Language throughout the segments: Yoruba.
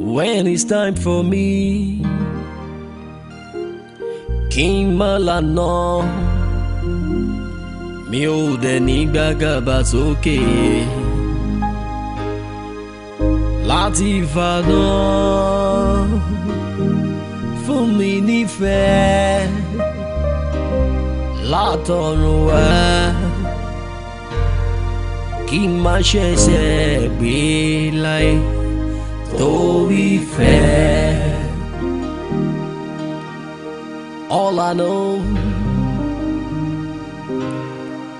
when it's time for me kí n má lànà mi ò dẹ̀ ní gbàgàbà sókè láti fàdán fún mi nífẹ̀ẹ́ látọ̀run wá kí n má ṣẹ̀ṣẹ̀ gbé láyé. To be fair, All I know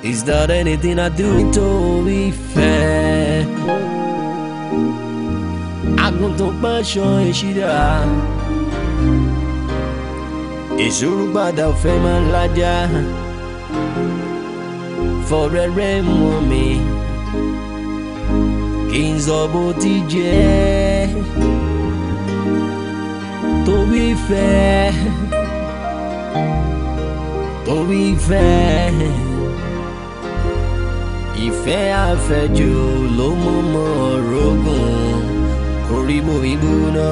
is that anything I do to be fair. nítorí fẹ́. Àgùntàn pẹ́ṣọ ìṣídà. Ìṣòro gbàdá ọ̀fẹ́ máa ń lájà. Fọ̀rẹ́rẹ́ mọ́ mi kí n to be fair, jẹ́ torí fẹ́ torí fẹ́ ìfẹ́ àfẹ́jù ló mú mọ́ ọ̀rọ̀gùn orí mo ìgbóná.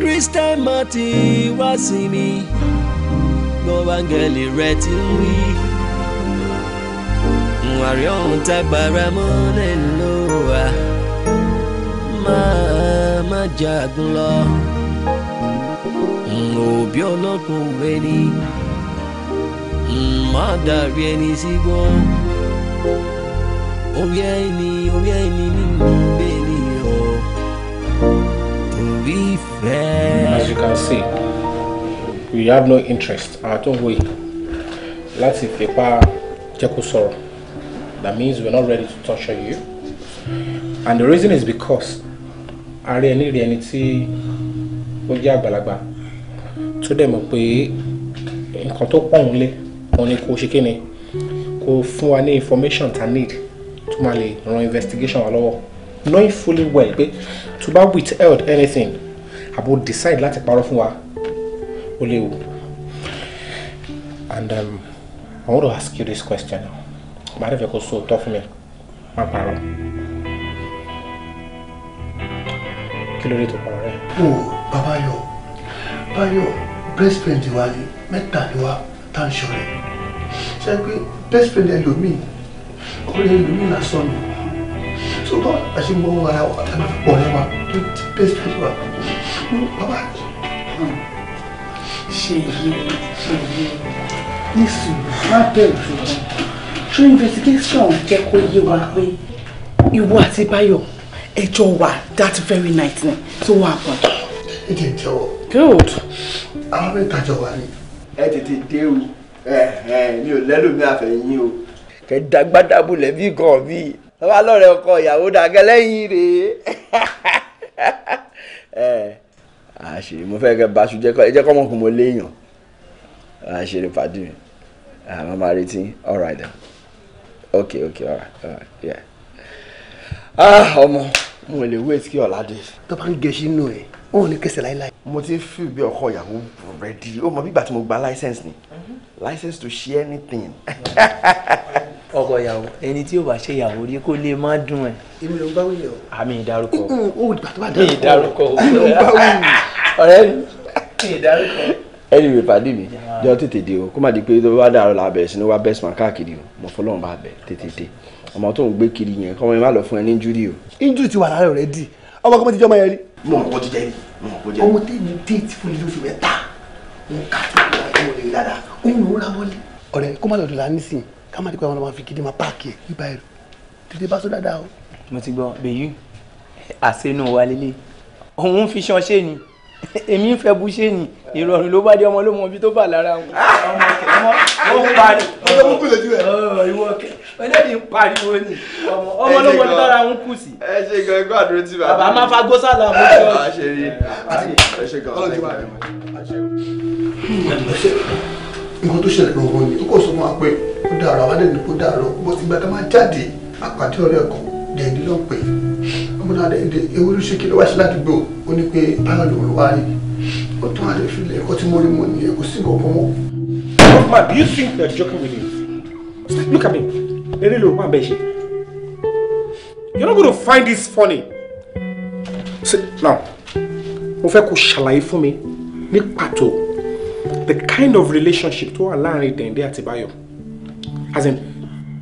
Christian Martin wá sí mi gbọ́ báńgẹ́lì rẹ ti ń wí àrí ọ̀hún tágbára mọ́ lè lò wá máa má jagun lọ òbí ọlọ́gbọ̀n òwe má dàrí ẹni sígbó orí ẹni orí ẹni nínú bẹ́ẹ̀ni o torí ìfẹ́. As you can see we have no interest at all way láti fipá jẹ́ kó sọ̀rọ̀. That means we're not ready to torture you. And the reason is because I rí ẹni rí ẹni tí ó jẹ́ àgbàlagbà in dẹ̀ only on nǹkan tó pọ̀ ń any information I need to my lè investigation wa lọ́wọ́ knowing fully well pé tó bá withheld anything àbò decide that parọ́ fún wa ó léwu and um, I want to ask you this question now màá dẹ̀ fẹ́ kó so tọ́ fún mi má parọ́ kí ló dé tó parọ́ rẹ̀. o bàbá yọ báyọ̀ best friend wa ni mẹ́ta ni wa tá n ṣọ̀rẹ́ ṣe pé best friend ẹlòmíì ọ̀rẹ́ ẹlòmíì lásán ni tó bá àṣemọ ara wa tàbí ọ̀rẹ́ wa tó ti best friend wa bàbá ṣe yé ṣe yé ní sùn má bẹ̀rù ṣùgbọ́n ṣé investigation jẹ́ kó yé wa pé ìwọ àti Báyọ̀ ẹjọ́ wà that very night ni tó wà pọ̀. ẹ jẹ́ jẹ́wọ́. good. àwọn mẹ́ta jọ wà ní. ẹ tètè dé o mi ò lẹ́lòmí àfẹ̀yìn o. kẹ́ dàgbàdàbò lẹ́bí gan-an bíi bàbá lọ́rẹ̀ ọkọ ìyàwó dàgẹ́ lẹ́yìn rèé ẹ àṣe mo fẹ́ kẹ́ bá ṣùjẹ́ kọ́ ẹjẹ́ kọ́ mọ̀ kó mo léèyàn àṣe rẹ̀ pàdé àwọn máa retí all right then okay okay alright alright yeah. ah ọmọ mo lè wait kí ọ̀la dé. tó bá ń gẹṣin nù ẹ òun ní kẹsẹ̀ láéláé. mo ti fi bí ọkọ ìyàwó rẹ ó mọ bígbà tí mo gba license ni mhm. license to share anything. ọkọ ìyàwó ẹni tí ó bá ṣe ìyàwó rí kó lè má dùn ẹ. èmi ló ń bá wíyàn. àmì ìdárúkọ. ó ìgbà tó bá dárúkọ. mi ìdárúkọ. ọ̀rẹ́ mi ìdárúkọ anyway pàdé mi jọ tètè dé o kó má di pé tó bá dàrú la bẹ̀rẹ̀ sí ni wá best man káàkiri o mo fọlọ́run bá bẹ̀ tètè dé ọmọ tó ń gbé kiri yẹn kọ́ ọmọ yẹn má lọ fún ẹ ní injúri o. injúri ti wà lára rẹ di ọmọ kọ́mọ ti jẹ́ ọmọ yẹn rí. mo mọ̀ kó ti jẹ́ mi mo mọ̀ kó jẹ́ mi. ọmọ tèmi déètì fún ilé oṣù mẹ́ta mo kà sí ìwà ìwọ̀n lè dáadáa ó ń rọra wọlé. ọ̀rẹ́ kó má lọ dọ̀la nísìnyí ká má di pé àwọn ọmọ fi gidi máa páàkì ẹ̀ bíbá ẹ̀rù tètè bá sọ dáadáa o. mo ti gbọ́ bèyí àṣẹ inú wa lélẹ̀ òun fi ṣan ṣé ni èmi ń fẹ́ búṣẹ́ ni ìrọ̀rùn ló bá dé ọmọ ló mọ ibi tó bà lára wọn. ọmọ ọmọ ó parí. ọjọ́ mú kú lójú ẹ̀. ìwọ kẹ ẹlẹ́dìí ń pariwo ni ọmọ ọmọ ló mọ ibi tára wọn kù sí. ẹ ṣe gan ẹgbẹ́ àdúró tí bàbá. bàbá máa fa gósàlà mú sí ọ. ṣe rí ẹ ṣe gan ọ̀sẹ̀ gan. nǹkan tó ṣẹlẹ̀ gangan ni ó kò sọ fún wa pé ó dàrọ̀ àwọn adẹ́nìkó dàrọ̀ bó ti gbà ká máa jáde àpàdé ọ̀rẹ́ ọ̀kan dẹ̀ndí ló ń pè ọmọdé adéǹde ewúrú ṣe kí ló wá sí ládùúgbò ó ní pé báyọ̀ ló wá rí ó tún adé filẹ̀ ẹ̀kọ́ tí mo rí mo nìyẹn kò sí ìbọ̀bọ̀ mọ́. Hoffman, do you think they joking with you? Look at me. Eré ló wà bẹ́ẹ̀ ṣe. You're not to find this funny. See, now, mo fẹ́ kó ṣàlàyé fún mi ní pàtó the kind of relationship tó wà láàrin dẹ̀ndé àti báyọ̀ as in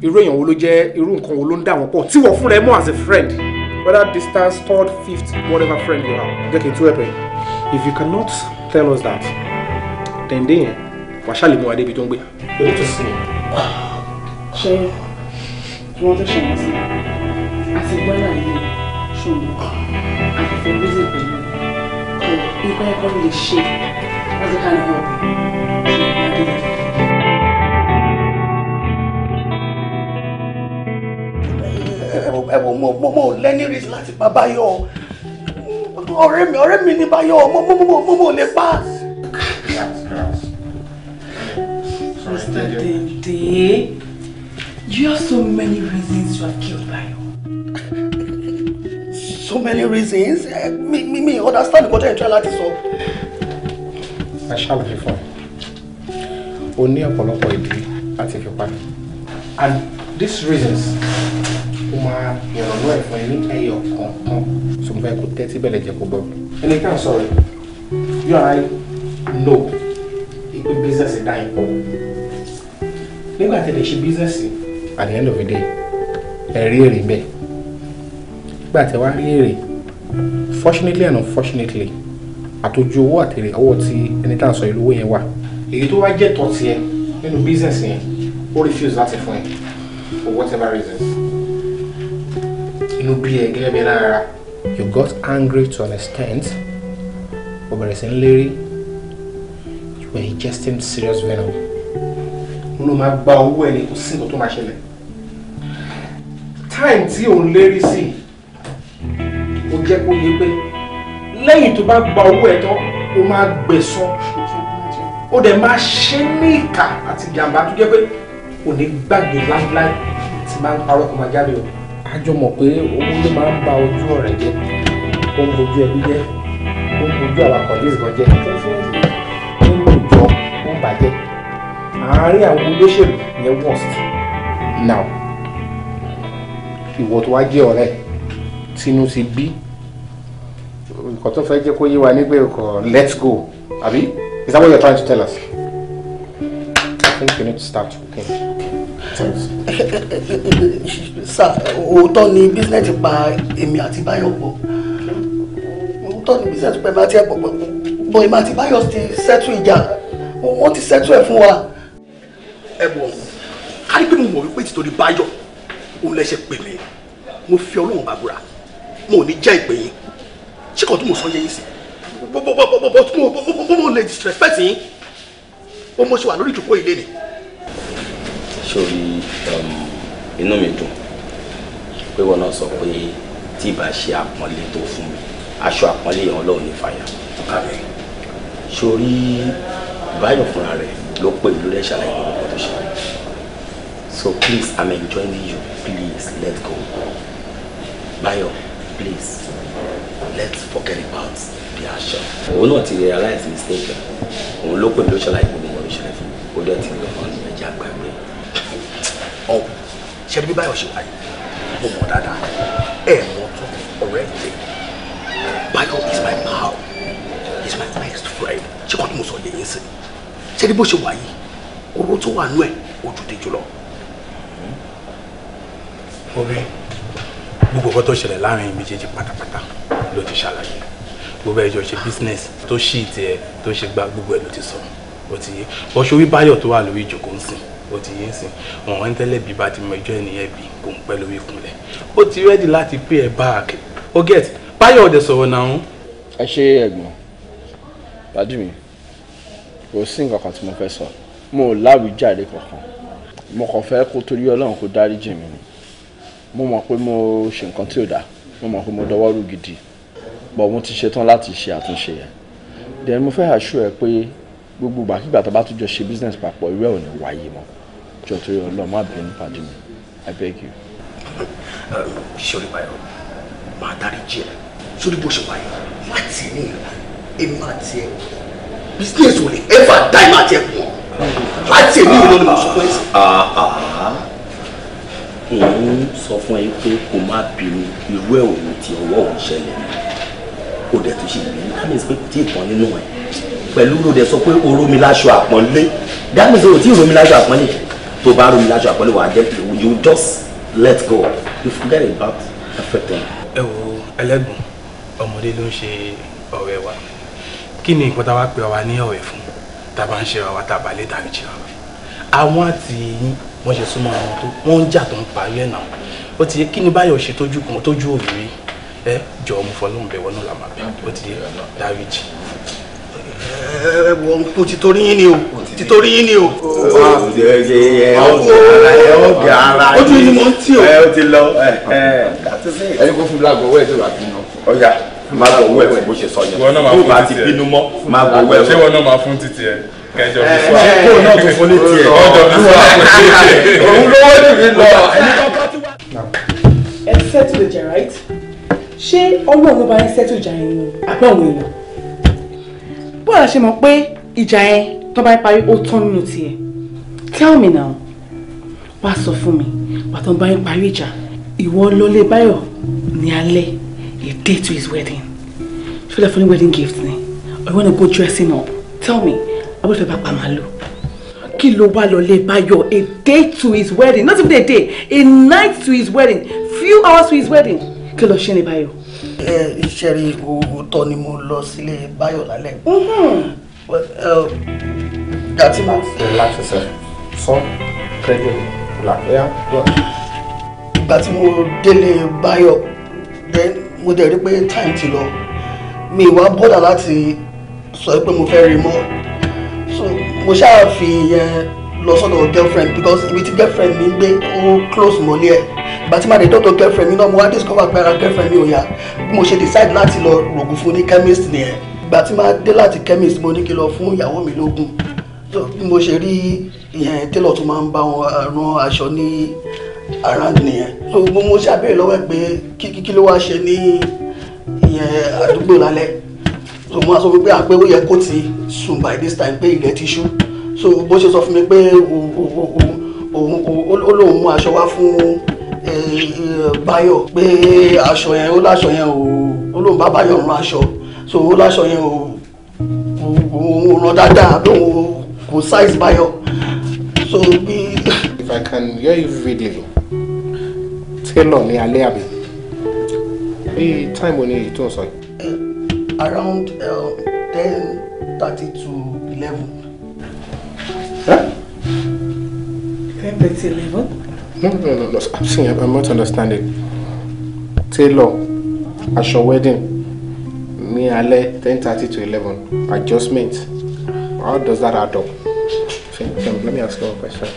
irú èèyàn wo ló jẹ́ irú nǹkan wo ló ń dà wọ́n pọ̀ tí wọ́n fúnra ẹ mọ́ as a friend whether distance third fifth whatever friend you have jẹ́ kí n tún ẹ̀ if you cannot tell us that then dé yẹn wà á ṣàlè mú wa débi tó ń gbé. you need to see me. ṣé wọ́n tó ṣe wọ́n sí àti gbọ́dọ̀ yìí ṣùgbọ́n àfẹ́fẹ́ lóṣù pẹ̀lú kò nípa ẹ̀kọ́ lè ṣe wọ́n ti ká lè help you. ẹ̀wọ̀ mo mo mo lẹ́ni rí láti pa báyọ̀ ọ̀rẹ́ mi ọ̀rẹ́ mi ni báyọ̀ mo mo mo mo mo lè pa. Mr. Dende, you have so many reasons to have killed Bayo. So many reasons? Me, me, me. understand nǹkan tẹ́ ẹ̀ to solve. I shall be fine. Only a O for ọ̀pọ̀lọpọ̀ ìdí láti fi pa. And these reasons máa ìrànlọ́ ẹ̀fọn ní ẹyọ kọ̀ọ̀kan sọmọfẹ́ kó tẹ́tí bẹ̀rẹ̀ jẹ́ kó gbọ́. ẹni ká sọ̀rọ̀ you and I know ìpín bísíǹsì dá ipò nígbà tẹ̀lé ṣe bísíǹsì at the end of the day ẹ rí èrè bẹ́ẹ̀ nígbà A wá rí èrè fortunately and unfortunately àtòjú owó àtèrè ọwọ́ tí ẹni tá à ń sọ ìlú owó yẹn wà èyí tó wá jẹ́ tọ́ tiẹ̀ nínú bísíǹsì yẹn ó refuse láti fún ẹ for whatever reasons inú bí ẹ gẹ́gẹ́ bí lára you got angry to an extent o bẹ̀rẹ̀ sí ń lérí you were ingesting serious venom nínú máa gba owó ẹni kò sí nǹkan tó máa ṣẹlẹ̀ time tí òun lérí sí o jẹ́ kó yé pé lẹ́yìn tó bá gba owó ẹ tán o máa gbẹ̀san o dẹ̀ máa ṣe ní ìkà àti ìjàmbá tó jẹ́ pé kò ní gbàgbé láńláì tí máa ń parọ́ kó máa jáde o a mọ̀ pé owó ló máa ń ba ojú ọ̀rẹ́ jẹ́ ó ń bojú ẹbí jẹ́ ó ń bojú àwàkọ̀dé ìgbọ̀n jẹ́ ó ń bòjọ́ ó ń bàjẹ́ àárín àwọn olóṣèlú yẹn worst now ìwọ tó wá jẹ́ ọ̀rẹ́ tinú ti bí nǹkan tó fẹ́ jẹ́ kó yé wa nígbà ẹ̀kọ́ let's go àbí is that what are trying to tell us? I think you need to start cooking. Okay sà òótọ́ ni bísíǹnẹ̀sì pa èmi àti báyọ̀ pọ̀ òótọ́ ni business pa èmi àti ẹ̀pọ̀ pọ̀ bọ̀ èmi àti báyọ̀ ti sẹ́tù ìjà wọ́n ti sẹ́tù ẹ̀ fún wa. ẹ bọ̀ kárí pé mo mọ̀ wípé títorí báyọ̀ òun lẹ ṣe pè mí mo fi ọlọ́run bàbúrà mo ò ní jẹ́ ìpè yín ṣé kò tún mo sọ yẹ yín sí bọ́bọ́bọ́bọ́ tún mo lè disrespect yín ó mọ̀ ṣe wà lórí ìjókòó ilé ni sórí um, inú mi dùn pé wọn náà sọ pé tí ìbá ṣe àpọ́nlé tó fún mi aṣọ àpọ́nlé yẹn ọlọ́run ní fàyà àmín sórí báyọ̀ fúnra rẹ̀ ló pè mí lórí ẹ̀ ṣàlàyé gbogbo tó ṣe so please i'm enjoying you please let go báyọ̀ please let's forget about the action. òun náà ti realize mistake òun ló pè mí lórí ṣàlàyé gbogbo tó ṣe ó dẹ̀ ti lọ́ọ́ ní ẹja gbàgbé ọ ṣe bí báyọ̀ ṣe wáyé mo mọ̀ dáadáa ẹ mọ̀ tó ọ̀rẹ́ ìdè báyọ̀ is my pal is my best friend ṣé kàn ní mo sọ yẹ̀yẹ́ sí ṣe bí bó ṣe wáyé oró tó wà nú ẹ̀ ojú dé jùlọ. orí gbogbo ọkọ tó ṣẹlẹ̀ láàrin méjèèjì pátápátá ló ti ṣàlàyé gbogbo ẹjọ́ ṣe business tó ṣì tiẹ̀ tó ṣe gba gbogbo ẹ̀ ló ti sọ ó ti yé ọṣọ wíbáyọ̀ tó wà lórí ìjòkó ń sìn ó ti yé sìn wọn ń tẹ́lẹ̀ bí bá ti mọ ẹjọ́ ẹnìyẹn bí kò ń pẹ́ lórí ìkúnlẹ̀ ó ti rẹ́dì láti pay ẹ̀ back ó get báyọ̀ ọ̀dẹ̀ sọ̀rọ̀ náà. ẹ ṣe ẹ̀gbọ́n dádì mi kò sí nǹkan kan tí mo fẹ́ sọ mo ò láwíjàre kankan mo kàn fẹ́ kó torí ọlọ́run kó dáríjì mi ni mo mọ̀ pé mo ṣe nǹkan tí ò dáa mo mọ̀ pé mo dọwọ́ rú gidi bọ̀ mo ti ṣetán láti ṣe àtúnṣe yẹn then mo fẹ́ assure ẹ pé gbogbo ìgbàkigbà tó bá tún jọ ṣe business papọ̀ irú ò ní wáyé mọ́ jọ torí Ọlọ́run má i beg you. sori bayo máa dárí jẹ sórí bó ṣe wáyé láti ní ìlà máa tiẹ business ò lè ẹfà dá ìmọ̀ àti ẹ̀kọ́ láti èmi ìlú ni mo sọ fún ẹ. Ah, ah. òun sọ fún ẹ pé kò má bínú irú ẹ̀ òun ti ọwọ́ òun ṣẹlẹ̀ kò dẹ̀ tún ṣe ìlú that means pé kò tí ì pẹ̀lú ló sọ pé oró mi láṣọ àpọ́nlé that means ò tí ì ro mi láṣọ àpọ́nlé tó bá rú mi lájọ àpọ́lé wà á jẹ́ you just let go you forget about everything. ẹ wo ẹlẹ́gbọ̀n ọmọdé ló ń ṣe ọ̀rẹ́ wa kí ni nǹkan tá a wá pe ọwa ní ọ̀rẹ́ fún tá a bá ń ṣe ọwa tá a bá lè dárí jìra wa àwọn àti yín wọ́n ṣe súnmọ́ àwọn tó wọ́n ń jà tó ń parí ẹ̀ náà ó ti yẹ kí ni báyọ̀ ṣe tójú kan tójú òrìrí ẹ jọ ọmọ fọlọ́hún bẹ̀ wọ́n náà ó ti yẹ dáríjì. ẹ ẹ wọ́n kú ti torí yín ni o títorí yín ni o. ọgẹ ara ni mo ń tì o. ẹ o ti lọ ẹni kò fún lágbo owó ẹ ti wà bínú. ọyà máa bọ̀ owó ẹ bó ṣe sọ yẹn bó bá ti bínú mọ́ máa bọ̀ owó ẹ ṣé wọn náà máa fún títí ẹ kẹjọ bí fún kó o náà tún fún ní tiẹ̀. ọjọ́ bí fún wa kò ṣe é òun lówó ti fi lọ. ẹ settle the right ṣé ọlọ́run bá ń settle ìjà yẹn ni àbẹ̀wò èèyàn bó a ṣe mọ̀ pé ìjà yẹn tó bá parí ó tán nínú tiẹ̀ tell me now wá sọ fún mi pàtó bá ń parí ìjà ìwọ lọlé báyọ̀ ní alẹ́ a day to his wedding ṣé lè funny wedding gift ni I want to go dressing up tell me abúlé bá pa màálù kí ló wá lọlé báyọ̀ a day to his wedding not even a day a night to his wedding few hours to his wedding kí ló ṣe ní báyọ̀. ẹ iṣẹ́ rí owó tọ́ ni mo lọ sílé báyọ̀ lálẹ́. Mm-hmm. Dati man. Relax yourself. Son, kẹ́jọ, relax. yeah. go. Ìgbà tí daily buy up. then mo dẹ̀ rí pé time ti lọ. Mi ìwà bọ́dà láti sọ pé mo fẹ́ rí So mo ṣáà fi yẹn lọ sọ́dọ̀ girlfriend because with girlfriend mi ń gbé ó close mọ́lé ẹ̀ bàtí màdé dọ́tọ̀ girlfriend mi náà mo wá discover pé ara girlfriend mi ò yá bí mo ṣe decide láti lọ rògùn fún ní chemist nìyẹn ìgbà tí máa dé láti chemist mo ní kí lọ fún ìyàwó mi lógún bí mo ṣe rí ìyẹn télọ̀ tó máa ń bá wọn eh, rán aṣọ ní around nìyẹn so mo mo ṣàbẹ̀rẹ̀ lọ́wọ́ ẹ̀ pé kí kí ló wá ṣe ní ìyẹn àdúgbò lálẹ́ so mo wá sọ fún pé àpé ah, ó yẹ kó ti sùn by this time pé ilẹ̀ ti ṣú so bó ṣe sọ fún mi pé òun ó lóun mú aṣọ wá fún eh, eh, Báyọ̀ pé aṣọ yẹn ó láṣọ yẹn ó lóun bá Báyọ̀ rán aṣọ so ó láṣọ yẹn o òun ràn dáadáa lóun kò size báyọ so bí. if i can hear you vividly tailor ní alẹ́ àbí bí time oní èyí tó ń sọ yìí. Eh, around eh, ten thirty to eleven. ten thirty eleven. no no no no i'm saying i'm not understanding Taylor, at your wedding ní alẹ́ ten thirty to eleven adjustment how does that add up? Fem, Fem, let me ask you one question.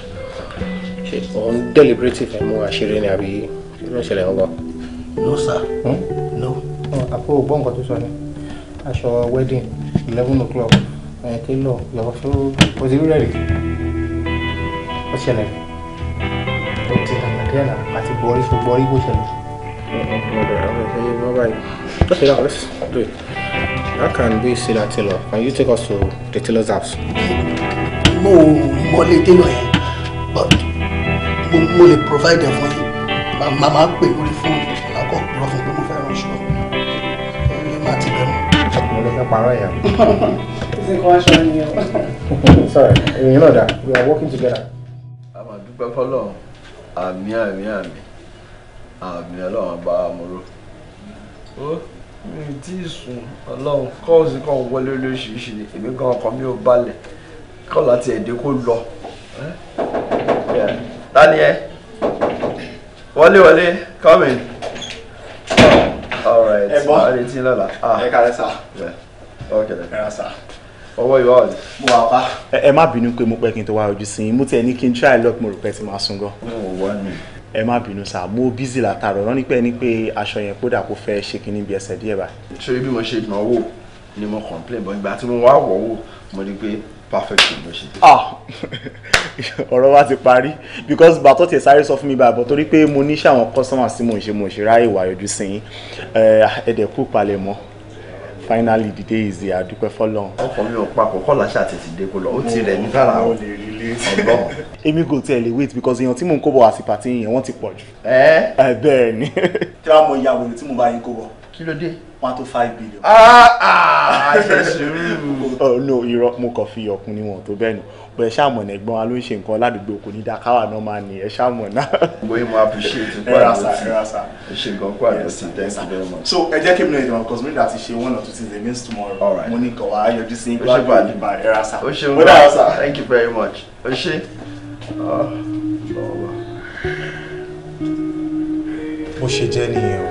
ṣe òun deliberative ẹ̀ mú àṣírí ni àbí kí ló ṣẹlẹ̀ ọgbà. no sir. Hmm? no. àpò ògbọ́n nǹkan tó sọ ni aṣọ wedding eleven o'clock ẹ̀ tailor yọ̀wọ̀ fún òsì rírẹ̀ rí ó ṣẹlẹ̀ ó ti nàìjíríà àti bọ̀rí bó ṣẹlẹ̀ let's do it. How can we see that tailor? Can you take us to the tailor's house? No, mọ lè dènà but mo provide ẹ̀ fún My Màmá máa ń the food. I go kọ́ pọ̀ fún pé mo fẹ́ ránṣọ. Ẹ máa You bẹ̀rù. Mo lè fẹ́ parọ́ Sorry, you know that we are working together. A for long. fọlọ́run, àmì àmì here àmì ọlọ́run bá mo ró ó mi tí ì sùn ọlọ́run kọ́ọ̀sì kan wọlé lóṣìṣì èmi gan ọkàn mi ò balẹ̀ kọ́ láti ẹ̀dẹ́ kó lọ. Tani ẹ? Wọlé wọlé come in. Alright, máa retí lọ́la. Ah. Ẹ kàrẹ́ sá. Okay then. Ẹ ra sá ọwọ́ ìwà ọ̀dẹ. mo wà pa. ẹ má bínú pé mo pẹ́ kí n tó wá ojú sí i mo tiẹ̀ ní kí n try luck mo rò pé ti máa sùn gan. mo wà ní ẹ má bínú sá mo bízì látàárọ̀ rán ní pé ní pé aṣọ yẹn kódà kó fẹ́ ṣe kínní bí ẹsẹ̀ díẹ̀ báyìí. ṣé bí mo ṣe náwó ni mo complain bọ́ ìgbà tí mo wá wọ̀ wò mo rí i pé perfect ló ṣe. Ah! ọ̀rọ̀ wa ti parí because bàtọ́ tiẹ̀ sáré sọ fún mi báyìí bọ̀ torí pé mo ní ṣàwọn customer sí mo ṣe mo ṣe ráyè wà yọjú sí yín ẹ̀ẹ́dẹ̀kú palẹ̀ mọ́ finally the day is there àdúpẹ́ fọlọ́n. ọkọ mi ò papọ̀ kọ́lá ṣàtẹ̀tì dé kó lọ ó ti rẹ̀ mí lára o ọlọ́run. èmi kò tẹ̀ lè wait because èèyàn tí mò ń kó bọ̀ àti pàtí yẹn wọ́n ti pọ̀ jù. ẹ bẹ́ẹ̀ ni. tí wàá mọ ìyàwó tí mo bá yín kó bọ̀. kí ló dé. one to five billion. ah ah ṣe sùúrù. oh no irọ́ mo kàn fi ọkùnrin wọn tó bẹ́ẹ̀ nù bọ̀ ẹ ṣàmọ̀ ní ẹ̀gbọ́n wa ló ń ṣe nǹkan ládùúgbò kò ní dákáwà náà máa ní ẹ ṣàmọ̀ náà. bóyá mo appreciate nkú àdótì ẹ ṣe nǹkan nkú àdótì thank you very much. so ẹ jẹ́ kí mi náà ìdánwò cos mi dà ti ṣe one or two things it means tomorrow mo ní kàn wá yọjú sí gbàgbọ́ àdìbà ẹ ra sa. o ṣeun bá thank you very much o ṣe. Ah, bó ṣe jẹ́ nìyẹn o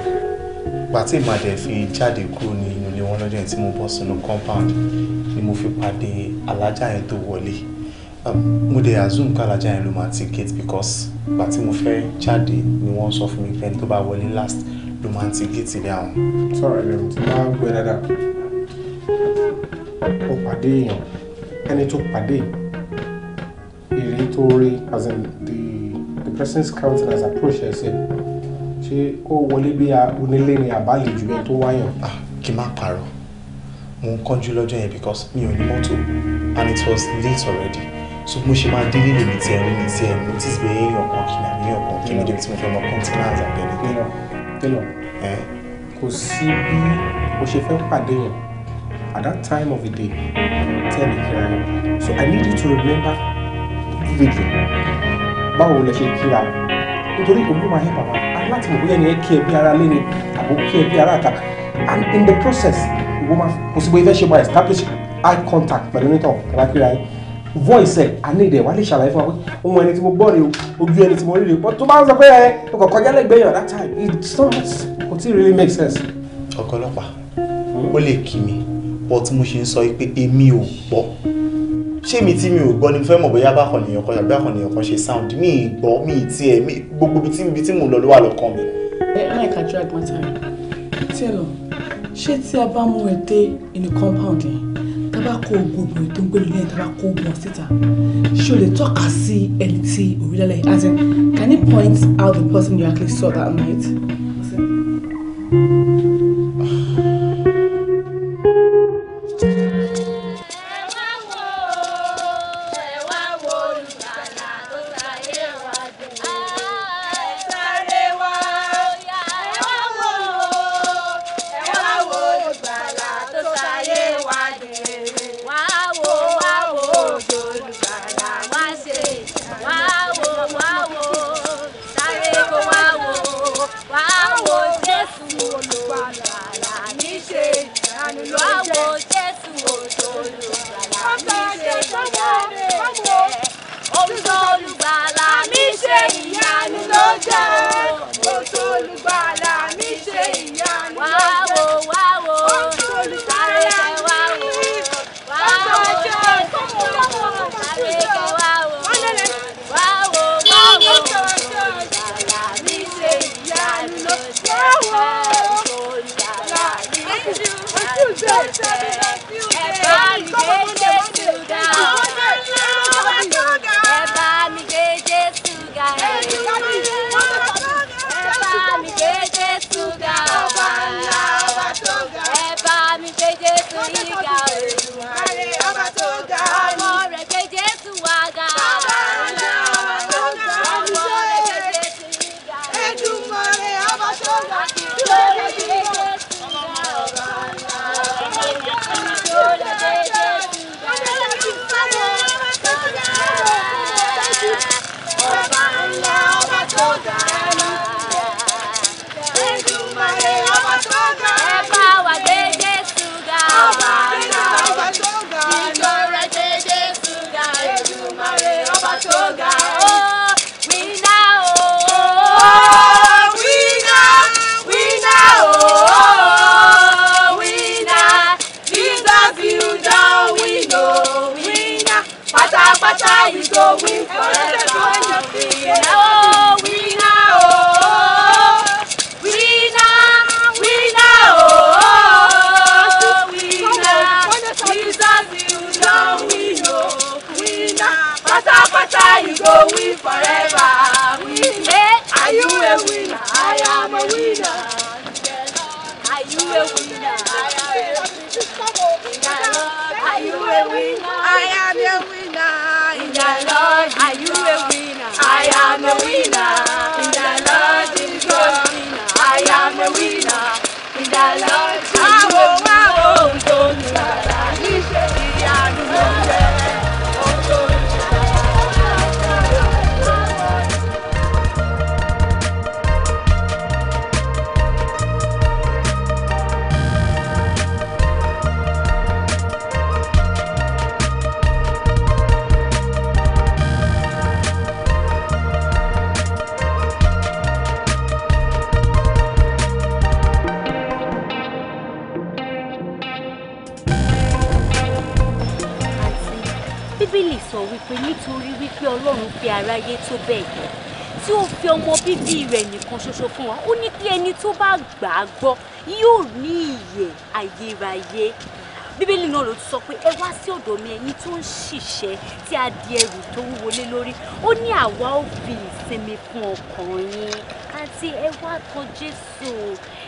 ìgbà tí ìmàdẹ̀ fi jáde kúrò ní inú ilé wọn lọ́jọ́ yẹn tí mo bọ́ sínú compound ni mo fi pàdé alájà yẹn tó wọlé. Ah, mo dẹ̀ assume kálájà yẹn ló máa ti gate because ìgbà tí mo fẹ́ jáde ni wọ́n sọ fún mi fẹ́ni tó bá wọlé last ló máa ti gate ilé àwọn. sọ̀rọ̀ ẹ̀rọ tí máa ń gbé dáadáa ó pàdé èèyàn ẹni tó pàdé èrè tó rí as in the the person's countenance approach ẹ̀ ṣe ṣé ó wọlé bí onílé ni àbálejò bẹ́ẹ̀ tó wáyàn. Ah, kì í má parọ́ mo ń kánjú lọ́jọ́ yẹn because mi ò ní mọ́tò and it was late already so mo ṣe máa délé lèmi tí ẹ̀rín ní tí ẹ̀rín notice pé èèyàn kan kì í àmì èèyàn kan kì tí mo fẹ́ mọ continence àbẹ̀rẹ̀ tẹ́lọ̀ tẹ́lọ̀ kò sí bí o ṣe fẹ́ pàdé yẹn at that time of the day tẹ́lẹ̀ kíra yẹn so I need you to remember vividly báwo lẹ ṣe kíra nítorí kò mú ma help àwọn aláti mọ̀ bóyá ẹni ẹ kí ẹ bí ara lé àbò kí ẹ bí ara ta and in the process ìwọ máa kò sí bóyá ẹ ṣe máa establish eye contact pẹ̀lú nítàn kíra kíra yẹn voice ẹ àní ìdẹ̀ wà lè ṣàlàyé fún wa pé ohun ẹni tí mo gbọ́ rè o ojú ẹni tí mo rí rè o tó bá ń sọ pé ẹ o kò kọjá lẹ́gbẹ̀ẹ́ yàn that time it's not kò tí really make sense. ọkọ ọlọ́pàá ó lè kí mi bọ tí mo ṣe ń sọ pé èmi ò gbọ́ ṣé mi tí mi ò gbọ́ ni mo fẹ́ mọ̀ bóyá bákan lèèyàn kan àbí àkànlè èèyàn kan ṣe sound mi ì gbọ́ mi ì tiẹ̀ gbogbo ibi tí mo lọ ló wà lọ́kàn mi. ẹ ẹ kà drag matter rẹ tí ẹ lọ ṣé tí a bá mú ẹ dé in the compound yẹn tábà kó oògùn obìnrin tó ń gbélé lẹ́yìn tábà kó oògùn síta ṣé o lè tọ́ka sí ẹni tí òrìlẹ̀ lẹ́yìn as in can you point out the person you actually saw that night. so we fight. am a winner. In the Lord is I am a winner. In the Lord is nítorí wípé ọlọ́run fi aráyé tó bẹ́ẹ̀ gẹ́ tí ó fi ọmọ bíbí rẹ̀ nìkan ṣoṣo fún wa ó ní pé ẹni tó bá gbà á gbọ́ yóò ní ìyè ayérayé bíbélì náà ló ti sọ pé ẹ wá sí ọ̀dọ̀ mi ẹ̀yin tó ń ṣiṣẹ́ tí a di ẹrù tó wúwo lé lórí ó ní àwa ó fi ìsinmi fún ọkàn yín àti ẹ wá tọ̀ Jésù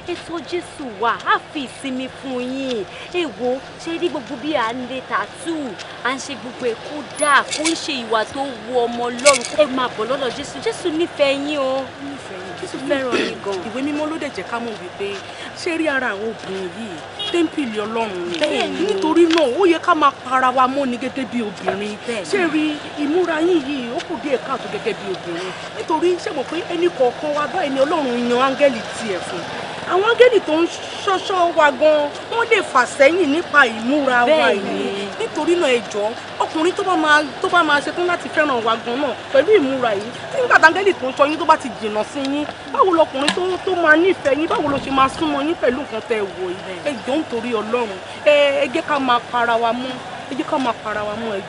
ètò jésù wà á fi ìsinmi fún yín èwo ṣe rí gbogbo bí à ń lè tàtú à ń ṣe gbogbo èkó dáa kó ń ṣe ìwà tó wu ọmọ ọlọ́run ẹ máa bọ̀ lọ́dọ̀ jésù jésù nífẹ̀ẹ́ yín o. nífẹ̀ẹ́ jésù fẹ́ràn yín gan ìwé mímọ́ ló dẹ̀ jẹ́ ká mọ̀ wípé ṣé rí ara àwọn obìnrin yìí tẹ́ḿpìlì ọlọ́run ni nítorí náà ó yẹ ká máa para wa mọ́ ni gẹ́gẹ́ bí obìnrin ṣé rí ìmúra yín yìí ó kù díẹ̀ káàtó gẹ́gẹ́ bí obìnrin nítorí ṣé mọ̀ pé ẹnì kọ̀ọ̀kan wa báyìí ni ọlọ́run yan áńgẹ́lì tiẹ̀ fún àwọn áńgẹ́lì tó ń ṣọ́ṣọ́ wa gan wọ́n lè fà sẹ́yìn nípa ìmúra wa yìí nítorí náà ẹ jọ̀ọ́ ọkùnrin tó bá máa ṣetán láti fẹ́ràn wa gan náà pẹ̀lú ìmúra yìí tí nígbà táńgẹ́lì tó ń sọ yín tó bá ti jìnnà sí yín báwo lọkùnrin tó máa nífẹ̀ẹ́ yín báwo ló ṣe máa súnmọ́ yín pẹ̀lú nǹkan tẹ wò yìí ẹ jọ̀ọ́ nítorí ọlọ́run ẹ ká máa para wa mọ́ ẹ ká máa para wa mọ́ ẹ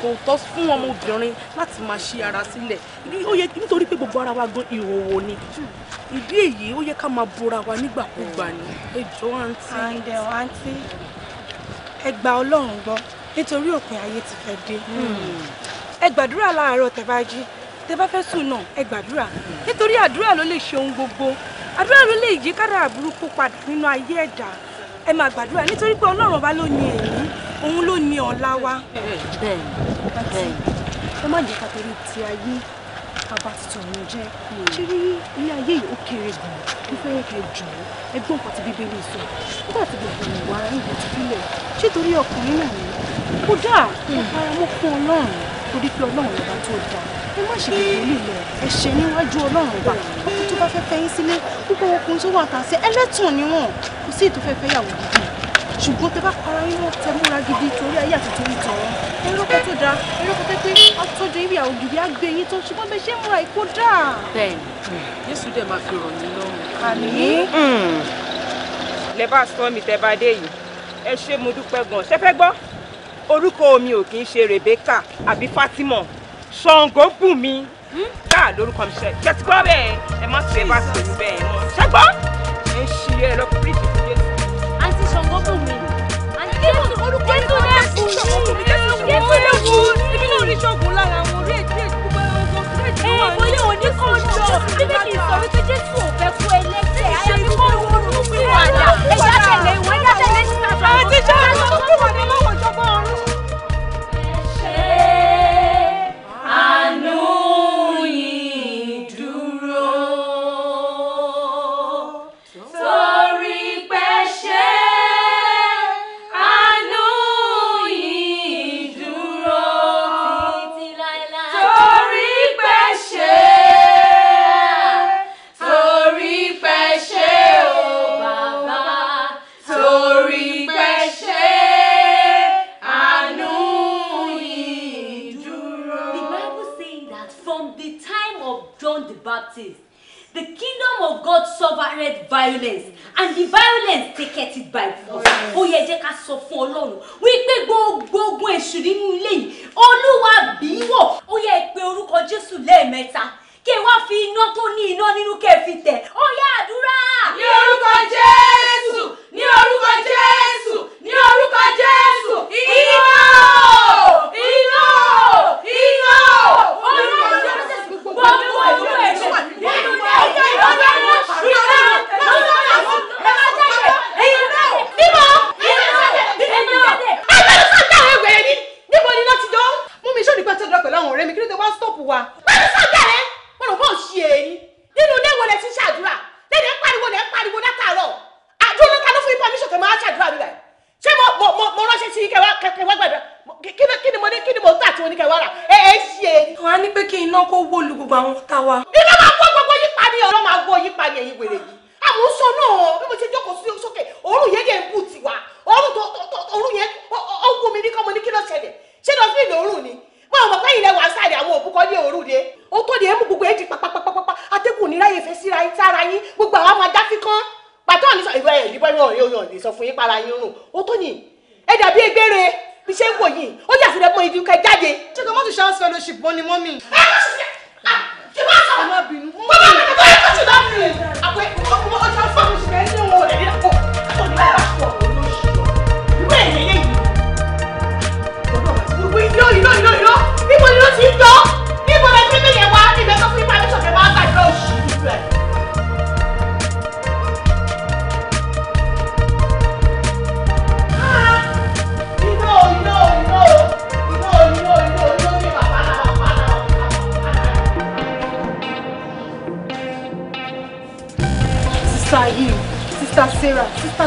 kò tọ́ fún ọmọbìnrin láti máa ṣí ara sílẹ̀ nítorí pé gbogbo ara wa gan ìhòòhò ni ìdí èyí ó yẹ ká máa bora wa nígbàkúgbà ni ẹ àǹtí. àǹtí ẹ gba ọlọ́run gbọ́ nítorí òpin ayé ti fẹ́ dé ẹ gbàdúrà láàárọ̀ tẹ́ bá jí tẹ́ bá fẹ́ sùn náà ẹ gbàdúrà nítorí àdúrà ló lè ṣe ohun gbogbo àdúrà ló lè yí kádàrá burúkú padà nínú ayé ẹ̀dá ẹ máa gbàdúrà nítorí pé ọlọ́run ọba ló ní èyí òun ló ní ọ̀la wa. bẹ́ẹ̀ bẹ́ẹ̀ ẹ má jẹ́ kàtẹ́rì ti ayé bá ti tọ̀rọ̀ yẹn jẹ́ ṣé rí ilé ayé yìí ó kéré gan mo fẹ́ yẹ kẹ́ jọ ẹgbọ́n kan ti bíbélì sọ nígbà tí gbogbo ìwà ìwà ti ṣé torí ọkùnrin náà ni kódà mo fara mọ́ fún ọlọ́run torí pé ọlọ́run lọ́ba tó dáa ẹ má ṣe gbogbo lílẹ̀ ẹ ṣe níwájú ọlọ́run ọba ọkùnrin tó bá fẹ́ fẹ́ yín sílé gbogbo ọkùnrin tó wà tà sí ẹlẹ́tàn ni wọ́n kò sí ètò ṣùgbọ́n tẹ bá para yín lọ tẹ múra gidi torí ayé àti torí tọ̀rọ̀ erékọ tó dáa erékọ tó pé ọtọ́jú ibi àwọn ògidì á gbé yín tó ṣùgbọ́n bẹ ṣe múra ìkó dáa. bẹ́ẹ̀ni Jésù dẹ máa fi ràn yín lọ́rùn. àmín. Hmm. lẹ bá sọ mi tẹ bá dé yìí ẹ ṣé mo dúpẹ́ gan ṣẹ fẹ́ orúkọ mi ò kì í ṣe Rebecca àbí Fatima Ṣàngó gùn mi gbà hmm? lórúkọ mi ṣe gbẹtùkọ bẹ́ẹ̀ ẹ má ṣe bá sọ mi bẹ́ẹ̀ mọ ṣẹgbọn ẹ ṣí ẹ lọ pírìtì fún Jésù orúkọ yìí kan jẹ́ fún mi jẹ́ fún mi wù ú èmi náà rí ṣọ́ọ̀gùn lára àwọn orí ẹ̀jẹ̀ gbogbo ẹ̀rọ ọgbọ̀n tó wà ní ìṣòro ní kọ́ńdọ̀ bíbí kì í sọ wípé Jésù ò fẹ́ kú ẹlẹ́sẹ̀ àyàfi kọ́ ọ̀run fún ìwà àdá ẹ̀jẹ̀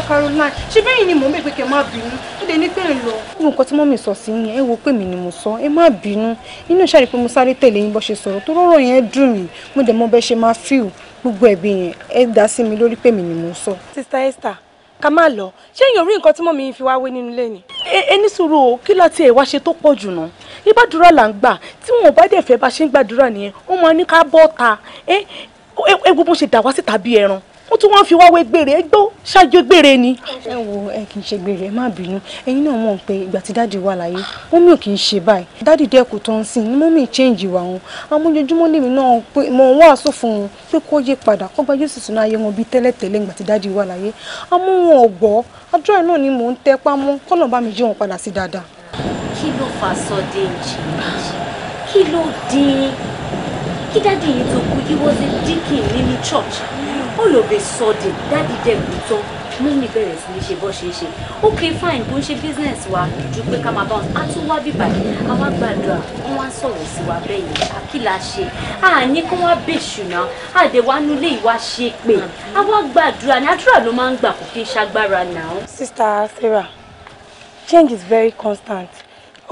Caroline ṣe bẹ́yìn ni mò ń bẹ̀ pé kẹ́ má bínú ó dé ní pé ń lọ. gbogbo nǹkan tí mọ́mì sọ sí yẹn ẹ wo pé mi ni mo sọ ẹ má bínú inú ìṣàlẹ̀ pé mo sáré tẹ̀lé yín bọ́ ṣe sọ̀rọ̀ tó rọ̀rọ̀ yẹn dùn mí mo dẹ̀ mọ bẹ́ ṣe máa fíù gbogbo ẹ̀bí yẹn ẹ dá sí mi lórí pé mi ni mo sọ. sista Esther ká má lọ ṣé èèyàn rí nǹkan tí mọ́mì fi wá wé nínú ilé ni. ẹ ní sùúrù o kí láti ẹ̀ wá ṣe tó pọ̀ jù náà ìbádùúrà là ń gbà tí wọn ò bá dẹ̀ fẹ́ bá ṣe ń gbàdúrà nìyẹn wọn máa ní ká bọ́ ta ẹ gbogbo ṣe dà wá síta bí ẹran wọ́n tún wọ́n fi wá wé gbére gbó ṣáájú gbére ni. ẹ wo ẹ kì í ṣe gbére ẹ má bínú ẹ̀yin náà mọ̀ pé ìgbà tí dáàdì wà láyé mọ́mí ò kì í ṣe báyìí dáàdì dẹ́kun tó ń sìn ní mọ́mí ìchéǹjì wà wọn amójoojúmọ́ lèmi náà mọ̀ wọ́n àṣọ fún un pé kó yé padà kó gba Jésù sínú ayé wọn bíi tẹ́lẹ̀tẹ́lẹ̀ ìgbà tí dáàdì wà láyé amú wọn ò gbọ́ náà ni mò ń tẹpá mọ́ kọ́lọ̀ kí dáàdì yìí tó kú he was a deacon nínú church all of a sudden dáàdi dẹ̀ mú tán mọ́mí sí ní ṣe bọ́ ṣe ṣe ok fine bó ń ṣe business wa ju pé ká máa bá wọn a tún wá bíbà àwa gbàdúrà wọn wá ń sọ̀rọ̀ sí wa bẹ́ẹ̀ yẹn àkìlà ṣe a ní kí wọ́n bèṣù náà àdè wa nulẹ̀ ìwà ṣe pé àwa gbàdúrà ní àdúrà ló máa ń gbà kó kí n ṣagbára náà. Sister Sarah, change is very constant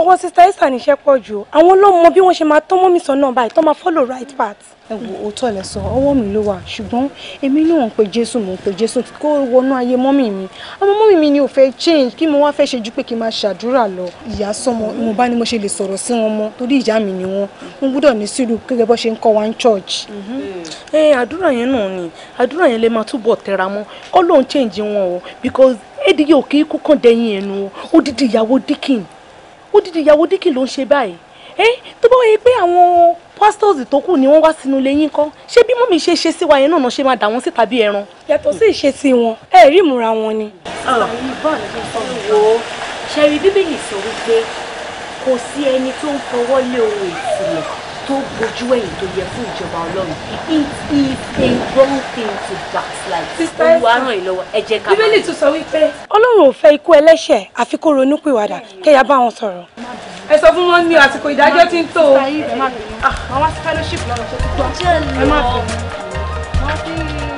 ọwọ́ sista esther níṣẹ́ pọ̀ jù àwọn ló mọ bí wọ́n ṣe máa tán mọ́ mi sọ́nà báyìí tó máa follow right path. ẹ wo òótọ́ lẹ sọ ọwọ́ mi ló wà ṣùgbọ́n èmi náà ń pe jésù mò ń pe jésù kó wọnú ayé mọ́mì mi àmọ́ mọ́mì mi ni ò fẹ́ change kí mo wá fẹ́ ṣe ju pé kí n máa ṣàdúrà lọ. ìyá sọmọ mo bá ní mo ṣe lè sọ̀rọ̀ sí wọn mọ́ torí ìyá mi ni wọn mo gbúdọ̀ ní sùúrù gẹ́gẹ́ bó ṣe ń kọ́ wa ní church. ẹ mm-hmm. eh, àdúrà yẹn náà ni àdúrà yẹn lè máa túbọ̀ tẹra mọ́ kọ́ lóun change wọn o because èdè yóò kí kúkàn dẹ́yìn ẹnu o ó dídì ìyàwó dikin ó dídì ìyàwó díkì ló ń ṣe báyìí ẹ tó bá wáyé pé àwọn pastors tó kù ni wọ́n wá sínú ilé yín kọ́ ṣé bí mọ́mí ṣe ṣe sí wa yẹn náà ṣe máa dà wọ́n síta bí ẹran. yàtọ̀ sí ìṣesí wọn ẹ rí ìmúra wọn ni. ṣe rí bíbélì sọ wípé kò sí ẹni tó ń fọwọ́ lé ohun ìtìlẹ̀ tó bojú ẹ̀yìn tó yẹ fún ìjọba ọlọ́run it is a wrong thing to backslide. sista ẹsẹ olùwà ràn ká bíbélì tún sọ wípé. ọlọ́run ò fẹ́ ikú ẹlẹ́ṣẹ̀ àfi kó ronú pìwàdà kéèyàn bá wọn sọ̀rọ̀. ẹ sọ fún wọn ní àsìkò ìdájọ́ tí ń tó o. ẹ má bínú. Ah, àwọn fellowship lọ́rọ̀ tó ti tọ́. ẹ má bínú.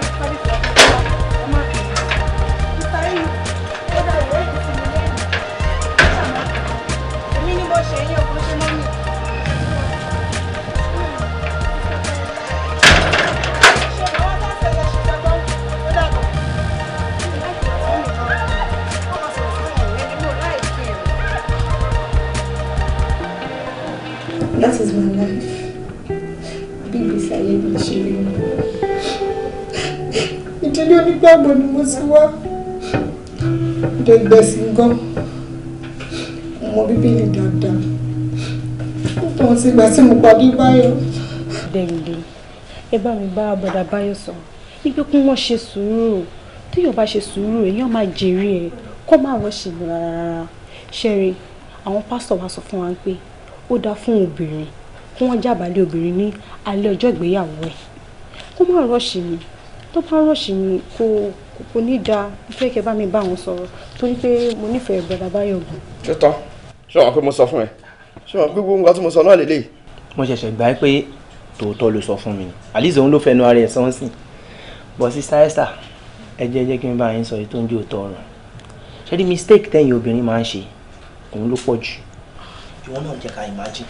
That is my life. Bíbí sáyé mi ṣe rí mi. Ìdílé onígbàgbọ́ ni mo ti wá. Dẹ̀gbẹ̀ sí gan. Mo mọ bíbélì dáadáa. Nítorí wọn ti gbà tí mo pàdé Báyọ̀. Dẹ̀rìndé, ẹ bá mi bá bọ̀dà Báyọ̀ sọ. Ibi kún wọn ṣe sùúrù. Téèyàn bá ṣe sùúrù èèyàn máa jèrè ẹ̀. Kọ́ máa wọ́n ṣègbè rárá. Ṣẹ́rí, àwọn pásítọ̀ wa sọ fun wa pé ó dáa fún obìnrin kí wọ́n jábàálẹ̀ obìnrin ní alẹ́ ọjọ́ ìgbéyàwó ẹ̀ kó má rọ́ọ̀ṣì mi tó bá rọ́ọ̀ṣì mi kó kò ní dáa fẹ́ kẹ́ bá mi bá wọn sọ̀rọ̀ torí pé mo nífẹ̀ẹ́ bọ̀dà báyọ̀ gan. ṣé tán ṣé wọn pé mo sọ fún ẹ ṣé wọn pé gbogbo nǹkan tí mo sọ náà lélẹ̀. mo ṣẹ̀ṣẹ̀ gbà pé tòótọ́ ló sọ fún mi àlìsí òun ló fẹnu ara ẹ̀ sọ́n sìn bọ́ sí sáyẹ́sà ẹ jẹ́ jẹ́ kí n bá yín sọ èyí tó ń jẹ́ òótọ́ ṣé di mistake tẹ́yìn obìnrin máa ń ṣe òun ló pọ̀ jù ìwọ náà jẹ́ ká imagine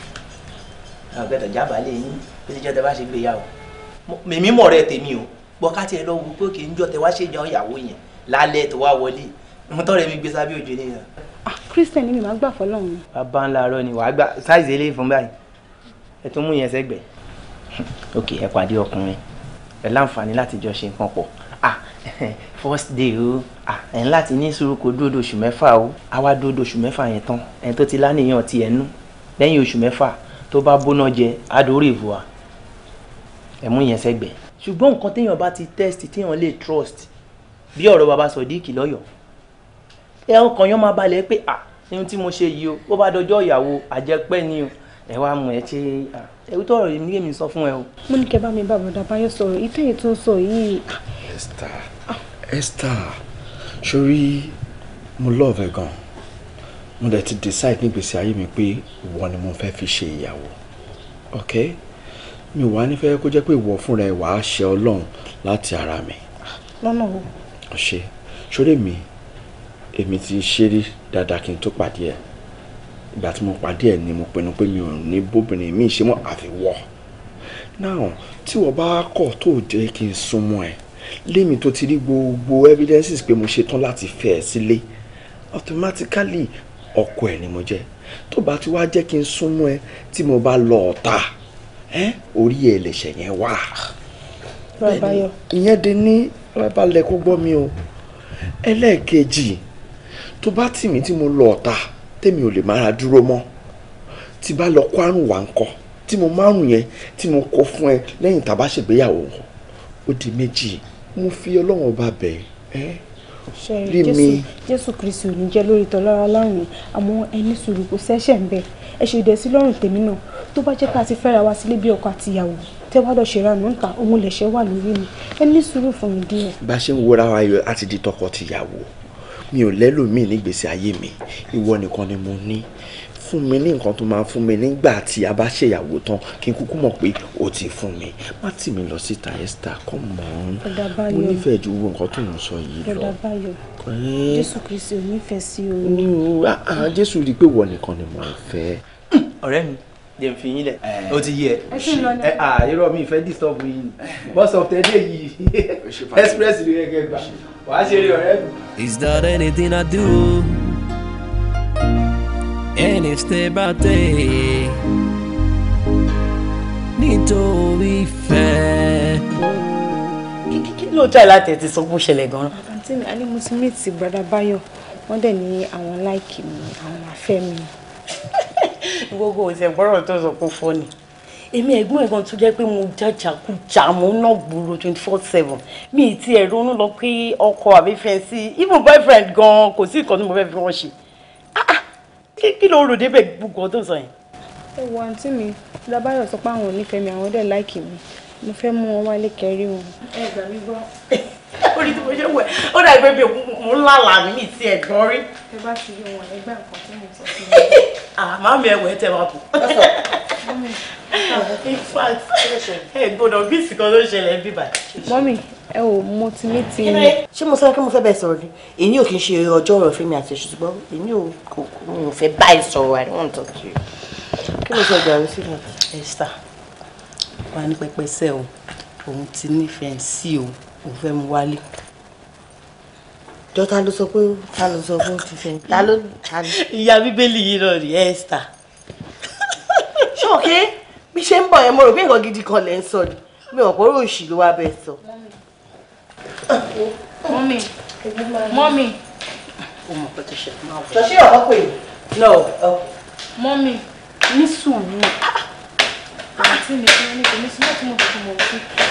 àwọn kẹtọ̀ lè yín bí jẹ́ tẹ ṣe gbéyàwó mèmí mọ̀ rẹ tèmi o bọ́kátì ẹ lọ wo pé kì í jọ tẹ wá ṣèjà ìyàwó yẹn lálẹ́ tó wá wọlé ohun tọ́rẹ̀ mi gbé sábẹ́ òjò nìyẹn. Ah, Christian ni mi máa gbà fọlọ́run. bàbá ńlá arọ ni wàá gbà sáìsì eléyìí fún báyìí ẹ tún mú yẹn sẹ́gbẹ̀. ok ẹ pàdé ọkùnrin ẹ láǹfààní láti jọ ṣe nǹkan pọ̀ ah, first day o ah, ẹ̀ ń láti ní sùúrù kó dúró oṣù mẹ́fà o àwa dúró oṣù mẹ́fà yẹn tán ẹni tó ti lánìyàn ti ẹ̀ nú lẹ́yìn oṣù mẹ́fà tó bá bóná jẹ adórí ìvùwà ẹ̀mú yẹn sẹ́gbẹ̀. ṣùgbọ́n nǹkan téèyàn bá ti test téèyàn lè trust bí ọ̀rọ̀ baba Sodiq lọ́yọ̀ ẹ ọkàn yẹn máa balẹ̀ pé à ohun tí mo ṣe yìí o ó bá dọjọ́ ìyàwó àjẹpẹ́ ni o ẹ wá mú ẹ ṣe ẹwú tọrọ yìí nígbèmí sọ fún ẹ o. mo ní kẹ bá mi bá bọ̀dà báyọ̀ sọ̀rọ̀ ìtẹ̀yẹ̀ tó ń sọ yìí. Esther Esther sori mo love ẹ gan mo dẹ̀ ti decide nígbèsè ayé mi pé ìwọ ni mo fẹ́ fi ṣe ìyàwó ok mi ò wá nífẹ̀ẹ́ kó jẹ́ pé ìwọ fúnra ẹ wàá ṣe ọlọ́run láti ara mi. lọ́nà wo. ọ̀ṣẹ́ sori mi èmi ti ṣe rí dáadáa kí n tó pàdé ẹ ìgbà tí mo pàdé ẹ ni mo pinnu pé mi ò ní bóbìnrin mi ṣe mọ́ àfiwọ́ now tí wọ́n bá kọ̀ tó jẹ́ kí n súnmọ́ ẹ lémi tó ti rí gbogbo evidences pé mo ṣetán láti fẹ́ ẹ sílé automatically ọkọ ẹ ni mo jẹ tó bá ti wá jẹ́ kí n súnmọ́ ẹ tí mo bá lọ ọ̀tá ẹ orí ẹ lẹ̀ṣẹ̀ yẹn wà. rabayo ìyẹn de ní rabalẹ̀ kó gbọ́ mi o ẹlẹ́ẹ̀kejì tó bá tì mí tí mo lọ ọ̀tá tèmi ò lè mára dúró mọ́ tí bá lọ kó àrùn wà ń kọ́ tí mo márùn yẹn tí mo kó fún ẹ lẹ́yìn tá a bá ṣègbéyàwó ó di méjì mo fi ọlọ́run ọba bẹ̀ ẹ́ rí mi. jésù kristu ò ní jẹ́ lórí tọ́lára lárùn àmọ́ ẹni sùúrù kò ṣẹ́ṣẹ̀ ń bẹ̀ ẹ ṣe ìdẹ̀sí lọ́rùn tèmi náà tó bá jẹ́ pé a ti fẹ́ra wa sílé bí ọkọ àtìyàwó tẹ́ wá lọ ṣèrà nù ń ta òun lẹ̀ṣẹ̀ wà lórí mi ẹ ní sùúrù fún mi díẹ̀. bá a ṣe ń wọra wa yọ láti di tọkọ tìyàwó mi ò lẹ́lòmíì nígbèsè ayé mi ìwọ nìkan ni mo ní fún mi ní nǹkan tó máa fún mi nígbà tí a bá ṣèyàwó tán kí n kúkú mọ̀ pé o ti fún mi má tì mí lọ síta Esther come on mo nífẹ̀ẹ́ ju gbogbo nǹkan tó ń sọ yìí lọ. ọ̀dà báyọ̀ eh. jésù kristi ò nífẹ̀ẹ́ sí o. jésù rí i pé wọ́n nìkan ni mo fẹ́. ọ̀rẹ́ mi jẹ́ n fi yín lẹ̀ o ti yẹ ẹ àìrọ̀ mi ìfẹ́ disturb yín bọ́sọ̀ tẹ́lẹ̀ yìí express rí gẹ́gẹ́ gbà wàá ṣe rí ọ̀rẹ́ mi. Is that anything I do? en este bate nítorí fẹ́. kí ló jà láti ẹ ti sọ bó ṣẹlẹ̀ gan-an. àǹtí alẹ́ mo ti mìtì brada Báyọ̀ wọ́n dẹ̀ ní àwọn láìkì mi àwọn àfẹ́ mi. gbogbo ìṣẹ̀gbọ́rọ̀ tó sọ kó fọ́ ni èmi ẹ̀gbọ́n ẹ̀gbọ́n tó jẹ́ pé mo jàjà kú jà mo ná twenty four seven mi ì tiẹ̀ ronú lọ pé ọkọ àbí fẹ́ǹsì even boyfriend gan kò sí ìkànnì mo fẹ́ fi wọ́n ṣe kí kí ló rò débẹ̀ gbogbo tó sọ yẹn. ẹ wo àǹtí mi dábàyọ̀ sọ pé àwọn ò nífẹ̀ẹ́ mi àwọn dẹ̀ láìkì mi mo fẹ́ mú wọn wálé kẹrí wọn. ẹ gbà mí gbọ́ orí tí mo ṣe wẹ̀ ó dà gbé bí mo ń lálàá mi ti ẹ̀gbọ́n rí. ẹ bá ti yọ wọn ẹgbẹ́ nǹkan tí mo sọ fún ah, mi. àmọ́ mi ẹ̀wẹ̀ tẹ máa bù. ẹ gbọ́dọ̀ bí ìsìnkàn ló ṣẹlẹ̀ bí bàjẹ́. mọ́mì ẹ ò mo ti ní ti. ṣé mo sọ pé mo fẹ́ bẹ́ẹ̀ sọ̀rọ̀ ni èyí ò kì í ṣe ọjọ́ ọ̀rọ̀ fún mi àti oṣù ṣùgbọ́n èyí ò kò mo fẹ́ báyìí sọ̀rọ̀ I don't want to talk to you. kí ló sọ jàre sí mi. Esther wà ní pẹpẹ sẹ́ o òun ti nífẹ̀ẹ́ sí o òun fẹ́ mu wálé jọ ta ló sọ pé ta ló sọ pé ó ti fẹ́ ta ló ta ló. ìyá bíbélì yìí náà rí Esther. ṣóòkè bí ṣe ń bọ̀ yẹn mo rò pé nǹkan gidi kan lẹ́ ń sọ ni mi ò kóró òṣì ló wá bẹ́ẹ̀ sọ. mọ́mì mọ́mì. o mọ̀ pé tó ṣe máa wọ̀. ṣọṣẹ́ ọ̀pọ̀ pè é. no oh. mọ́mì ní sùúrù àǹtí mi tí wọ́n ní kò ní sí láti mọ̀ tuntun mọ̀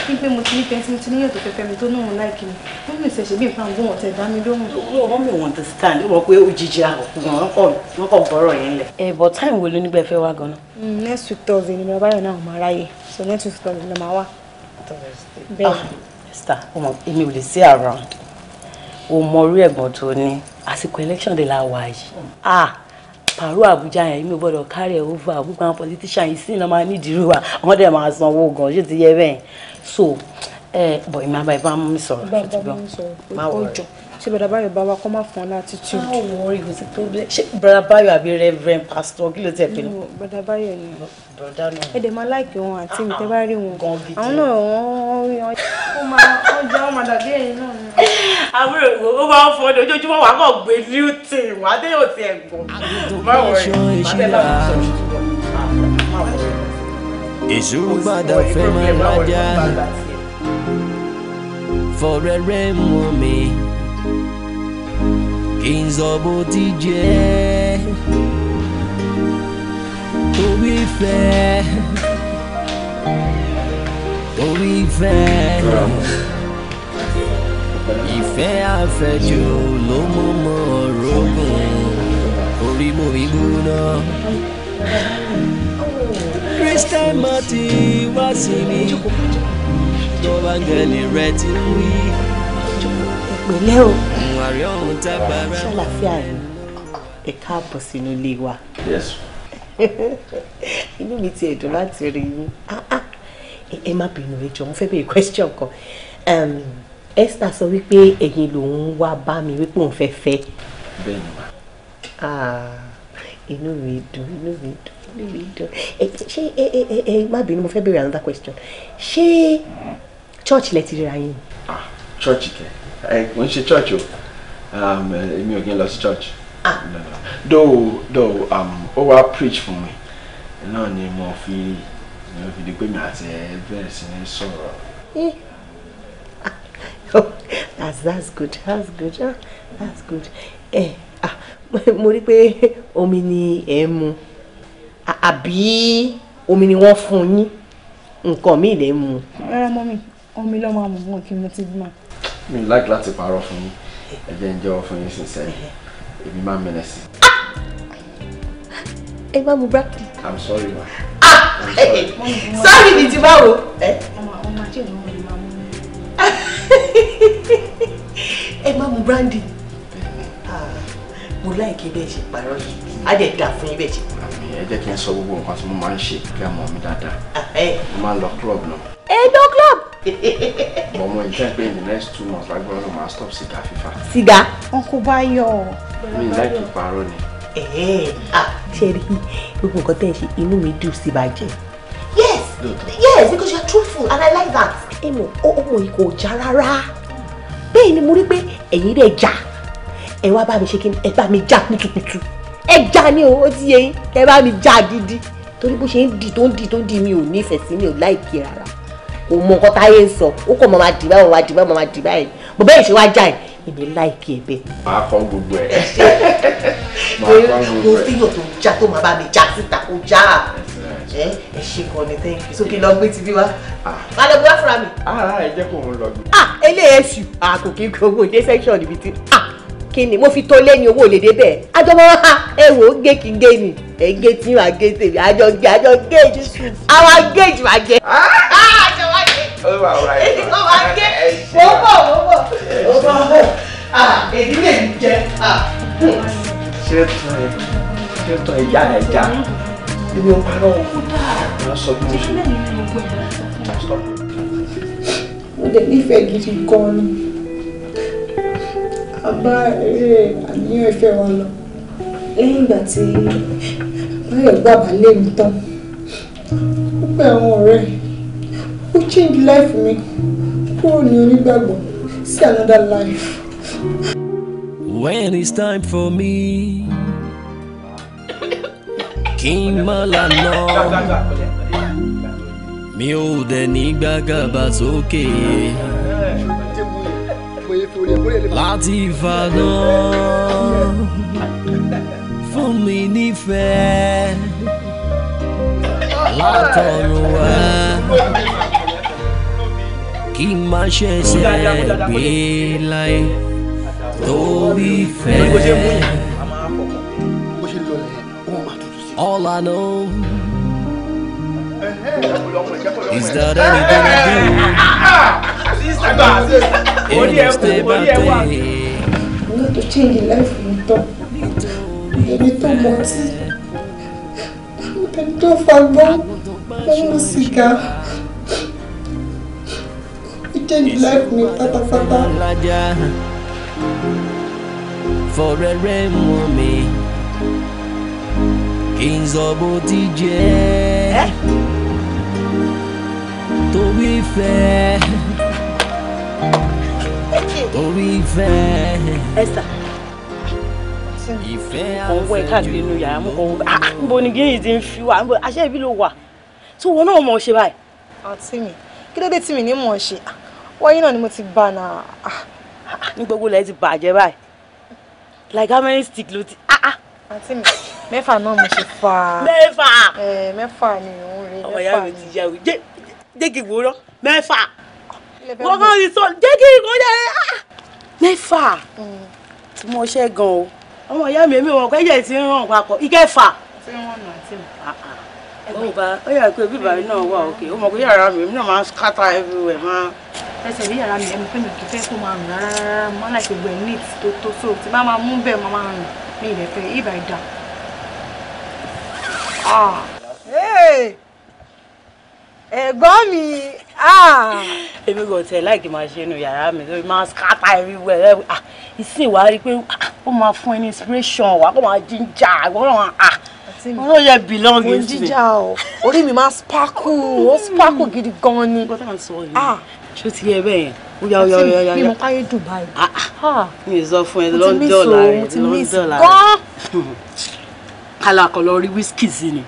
sí pé mo ti ní pẹ́ntì mo ti níyàn tó fẹ́fẹ́ mi tó náà wọn láìkì mi wọ́n mi ìṣẹ̀ṣẹ̀ bí nǹkan àgbọ̀n ọ̀tẹ̀ dá mi lóhùn. wọ́n mi wọ́n understand wọ́n pé òjijì àkùnrin wọn kọ̀ bọ́rọ̀ yẹn lẹ̀. ẹ táìmù wo ló nígbà ẹ fẹ́ wá gan hmm, next week thursday ni bàbá yẹn náà máa ráyè so next week thursday ni màá wà. bẹ́ẹ̀ ah, star ọmọ èmi ò lè sí around o mọ orí ẹ̀gbọ́n tó ní àsìkò election day la wà yìí. ah pàrọ̀ àbújá yẹn mi ò gbọ́dọ̀ carry over gbogbo politician yìí sí ni wọ́n máa ní ìdírò wa wọ́n dẹ̀ máa san owó gan ṣé ti yẹ bẹ́ẹ̀ so bọ̀ ìmọ̀ àbá ìbá mú mi sọ̀rọ̀ ṣùgbọ́n má wọ̀rọ̀ ṣé bàdà báyọ̀ bá wa kọ́ máa fún ọ láti tù. má wọrí kò sí tó bẹ́ẹ̀ ṣé bàdà báyọ̀ àbí reverend pastor kí ló tẹ̀ pinnu. bàdà báyọ̀ ni bọ̀dá náà. ẹ dẹ̀ máa láìpẹ́ wọn àti mi tẹ́ bá rí wọn àwọn náà wọ́n rí wọn. ó máa ń jẹ́ wọn máa ẹ̀yìn náà àbúrò ìwò ó máa ń fọ ọdún ojoojúmọ́ wàá kàn gbé new thing wàá dé òtí ẹ̀ gbọ̀n. má wọrí má tẹ́ láwọn sọ̀rọ̀ fẹ́ máa lájà fọ̀rẹ́rẹ́ mọ́ mi kí n sọ bó ti jẹ́ fẹ́ orí fẹ́ ìfẹ́ àfẹ́jù ló mú mọ́ orogún orí mo ìgbóná. Christian Marty wá sí mi tó bá ń gẹ̀lẹ́ rẹ ti wí. ìpínlẹ̀ o ṣàlàfíà rẹ̀ ẹ̀ka àbọ̀ sínú ilé wa. Yes. inú mi ti ẹ̀dùn láti rí yín ah, ah. ẹ má bínú ẹ jọ̀ọ́ mo fẹ́ béèrè question kan Esther sọ wípé ẹ̀yin lòun wá bá mi wípé òun fẹ́ fẹ́. Ah, inú mi dùn inú mi dùn inú mi dùn ṣé ẹ má bínú mo fẹ́ béèrè another question ṣé church lẹ ti ríra yín. ah church kẹ ẹ kò ṣe church o èmi ò kí n lọ sí church. ah no no though though ó wá preach for me? náà ni mo fi mo fi di pé mi àti ẹ bẹ̀rẹ̀ sí ní sọ̀rọ̀. Eh, ah, oh, that's that's good that's good huh? Ah, that's good ẹ eh, ah mo rí pé omi ni ẹ ń mu àbí omi ni wọ́n fún yín nǹkan míì lè mu. rárá mọ́mí omi ló máa mú wọn kí mo ti gbọ́n. mi like láti parọ́ fún yín ẹ jẹ́ ń jẹ́wọ́ fún yín sísẹ́ eh. èmi máa mẹ́lẹ̀ sí i ẹ má mu brákì. i'm sorry ma. ah sorry ni ti báwo. Eh? ẹ má mu brandy mo ah, láìkí bẹ́ẹ̀ ṣe pààrọ̀ yìí á dẹ̀ dà fún yín bẹ́ẹ̀ ṣe. àmì ẹ jẹ́ kí n sọ gbogbo nǹkan tí mo máa ń ṣe kí a mọ̀ mí dáadáa ah, eh. mo máa ń lọ club náà. ẹ lọ club. mo mọ ìjẹ́ pé in the next two months lágbára ló máa stop sìgá fífà. Siga, wọn kò bá yọ. mi ì láìkí pààrọ̀ ni. Ah, ṣe rí gbogbo nǹkan tẹ́ ẹ ṣe inú mi dùn sí bàjẹ́. yes yes because you are truthful and I like that. ẹ mọ̀ ọmọ yìí kò já rárá bẹ́ẹ̀ ni mo rí pé ẹ̀yin rẹ̀ já ẹ wá mi ṣe kí ba ẹ bá mi já kutukutu ẹ já ní o ó ti yẹ yín ẹ mi já didi. Tori bó ṣe di ton di ton di mi ò nífẹ̀ẹ́ si mi ò láìpẹ́ rárá kò mọ nǹkan táyé ń sọ ó kọ̀ mọ́ máa dì báyìí mọ́ máa dì báyìí mọ́ máa dì báyìí mo bẹ́ẹ̀ ṣe wá èmi láìkí ẹ bẹ́ẹ̀. màá kọ́ gbogbo ẹ̀. màá kọ́ gbogbo ẹ̀. mo fíyàn tó já tó máa bá mi já síta kó já ẹ ẹ ṣe kàn ní thank you sókè lọ gbé ti bí wá. Ah. má lọ bí wá mi. Ah, ah, ẹ jẹ́ kó òun lọ gbé. ah eléyẹ ṣù àkòkí gbogbo dé section ibi tí ah kí ni mo fi tó lé ní owó òlèdè bẹ́ẹ̀ àjọmọ́ wa ẹ wò ó gé kí gé ni ẹ gé tí wàá gé tèmi àjọ gé àjọ gé jù àwọn gé jù wàá gé. àjọ wàá gé. ó wà ó ra ẹ̀ lọ. èyí ló wàá gé mo bọ̀ mo bọ̀ mo bọ̀ mo èyí lè jẹ. ṣé tán ẹ ṣé tán ẹ já ẹ já èmi ò parọ́ ọ̀hún máa sọ bí mo ṣe. mo lè nífẹ̀ẹ́ gidi gan-an a bá eré àníyàn ìfẹ́ wa lọ lẹ́yìn ìgbà tí báyọ̀ gbà bá lé mi tán ó pẹ̀ àwọn ọ̀rẹ́ ó change life mi. When it's time for me, King Malano, má lànà. Mi Latifano, dẹ̀ ní gbàgàbà sókè. Láti kí n má ṣẹ̀ṣẹ̀ gbé All I know is that anything I do is stay by day. I want to change your life in top. Maybe too much. I want to do for a long, long cigar change life mi pátápátá. fọ̀rẹ́ rẹ̀ mú mi kí n sọ bó ti jẹ́ torí ìfẹ́ torí ìfẹ́. ìfẹ́ àfẹ́jù ọwọ́ káàkiri inú yàrá mú kọ́ wọ́n níbo ni géyìí ti ń fi wà níbo aṣẹ́ ìbí wà tó wọn náà mọ̀ ọ́ ṣe báyìí. àǹtí mi kí ló dé tí mi ní mọ̀ ọ́ ṣe ah, wáyé náà ni mo ti bá náà. Ah, ah, ah. ní gbogbo ilẹ̀ ti bàjẹ́ báyìí like how many stick ló ti. àǹtí mi mẹ́fà náà mo ṣe fà. mẹ́fà. ẹ mẹ́fà ni òun rè mẹ́fà ni. ọmọ ìyá mi ti yà wí jẹ́ kí n wúrọ́ mẹ́fà. wọ́n kàn ń sọ jẹ́ kí n kọ́ jẹ́ mẹ́fà mm. tí mo ṣe gan o ọmọ ìyá mi èmi wọn kọ́ ẹ̀jẹ̀ ti ń ràn papọ̀ ìkẹfà. ti ń ràn àǹtí mi ó yà pé bíbá náà wà òkè ó mọ̀ pé yàrá mi náà máa ń scatter everywhere máa ẹsẹ̀ rí yàrá mi ẹ̀mí pé mi kì í fẹ́ kó máa rùn rárá rárá mọ́ láì gbogbo ẹ̀ ní tó tó so tí bá máa mú bẹ́ẹ̀ máa rùn ní ilẹ̀ fẹ́ ibà ìdá. Ah. ẹ̀gbọ́n mi ah. èmi kò tẹ̀ láì máa ṣe inú yàrá mi lórí máa scatter everywhere ah. ìsìn wàá rí i pé ó máa fún ẹ ní inspiration wàá kó máa jíjà àgbọ̀n náà sí mi. yẹ belong with me. Mo jíjà o. Orí mi máa sparkle, ó sparkle gidi gan ni ṣó ti yẹ bẹ́ẹ̀ yẹn ó yá ó yá ó yá yá. mi mọ káyé Dubai. Ah, ah. mi ò sọ fún ẹ London la rẹ London la rẹ alakọlọ rí wíṣkì sí ni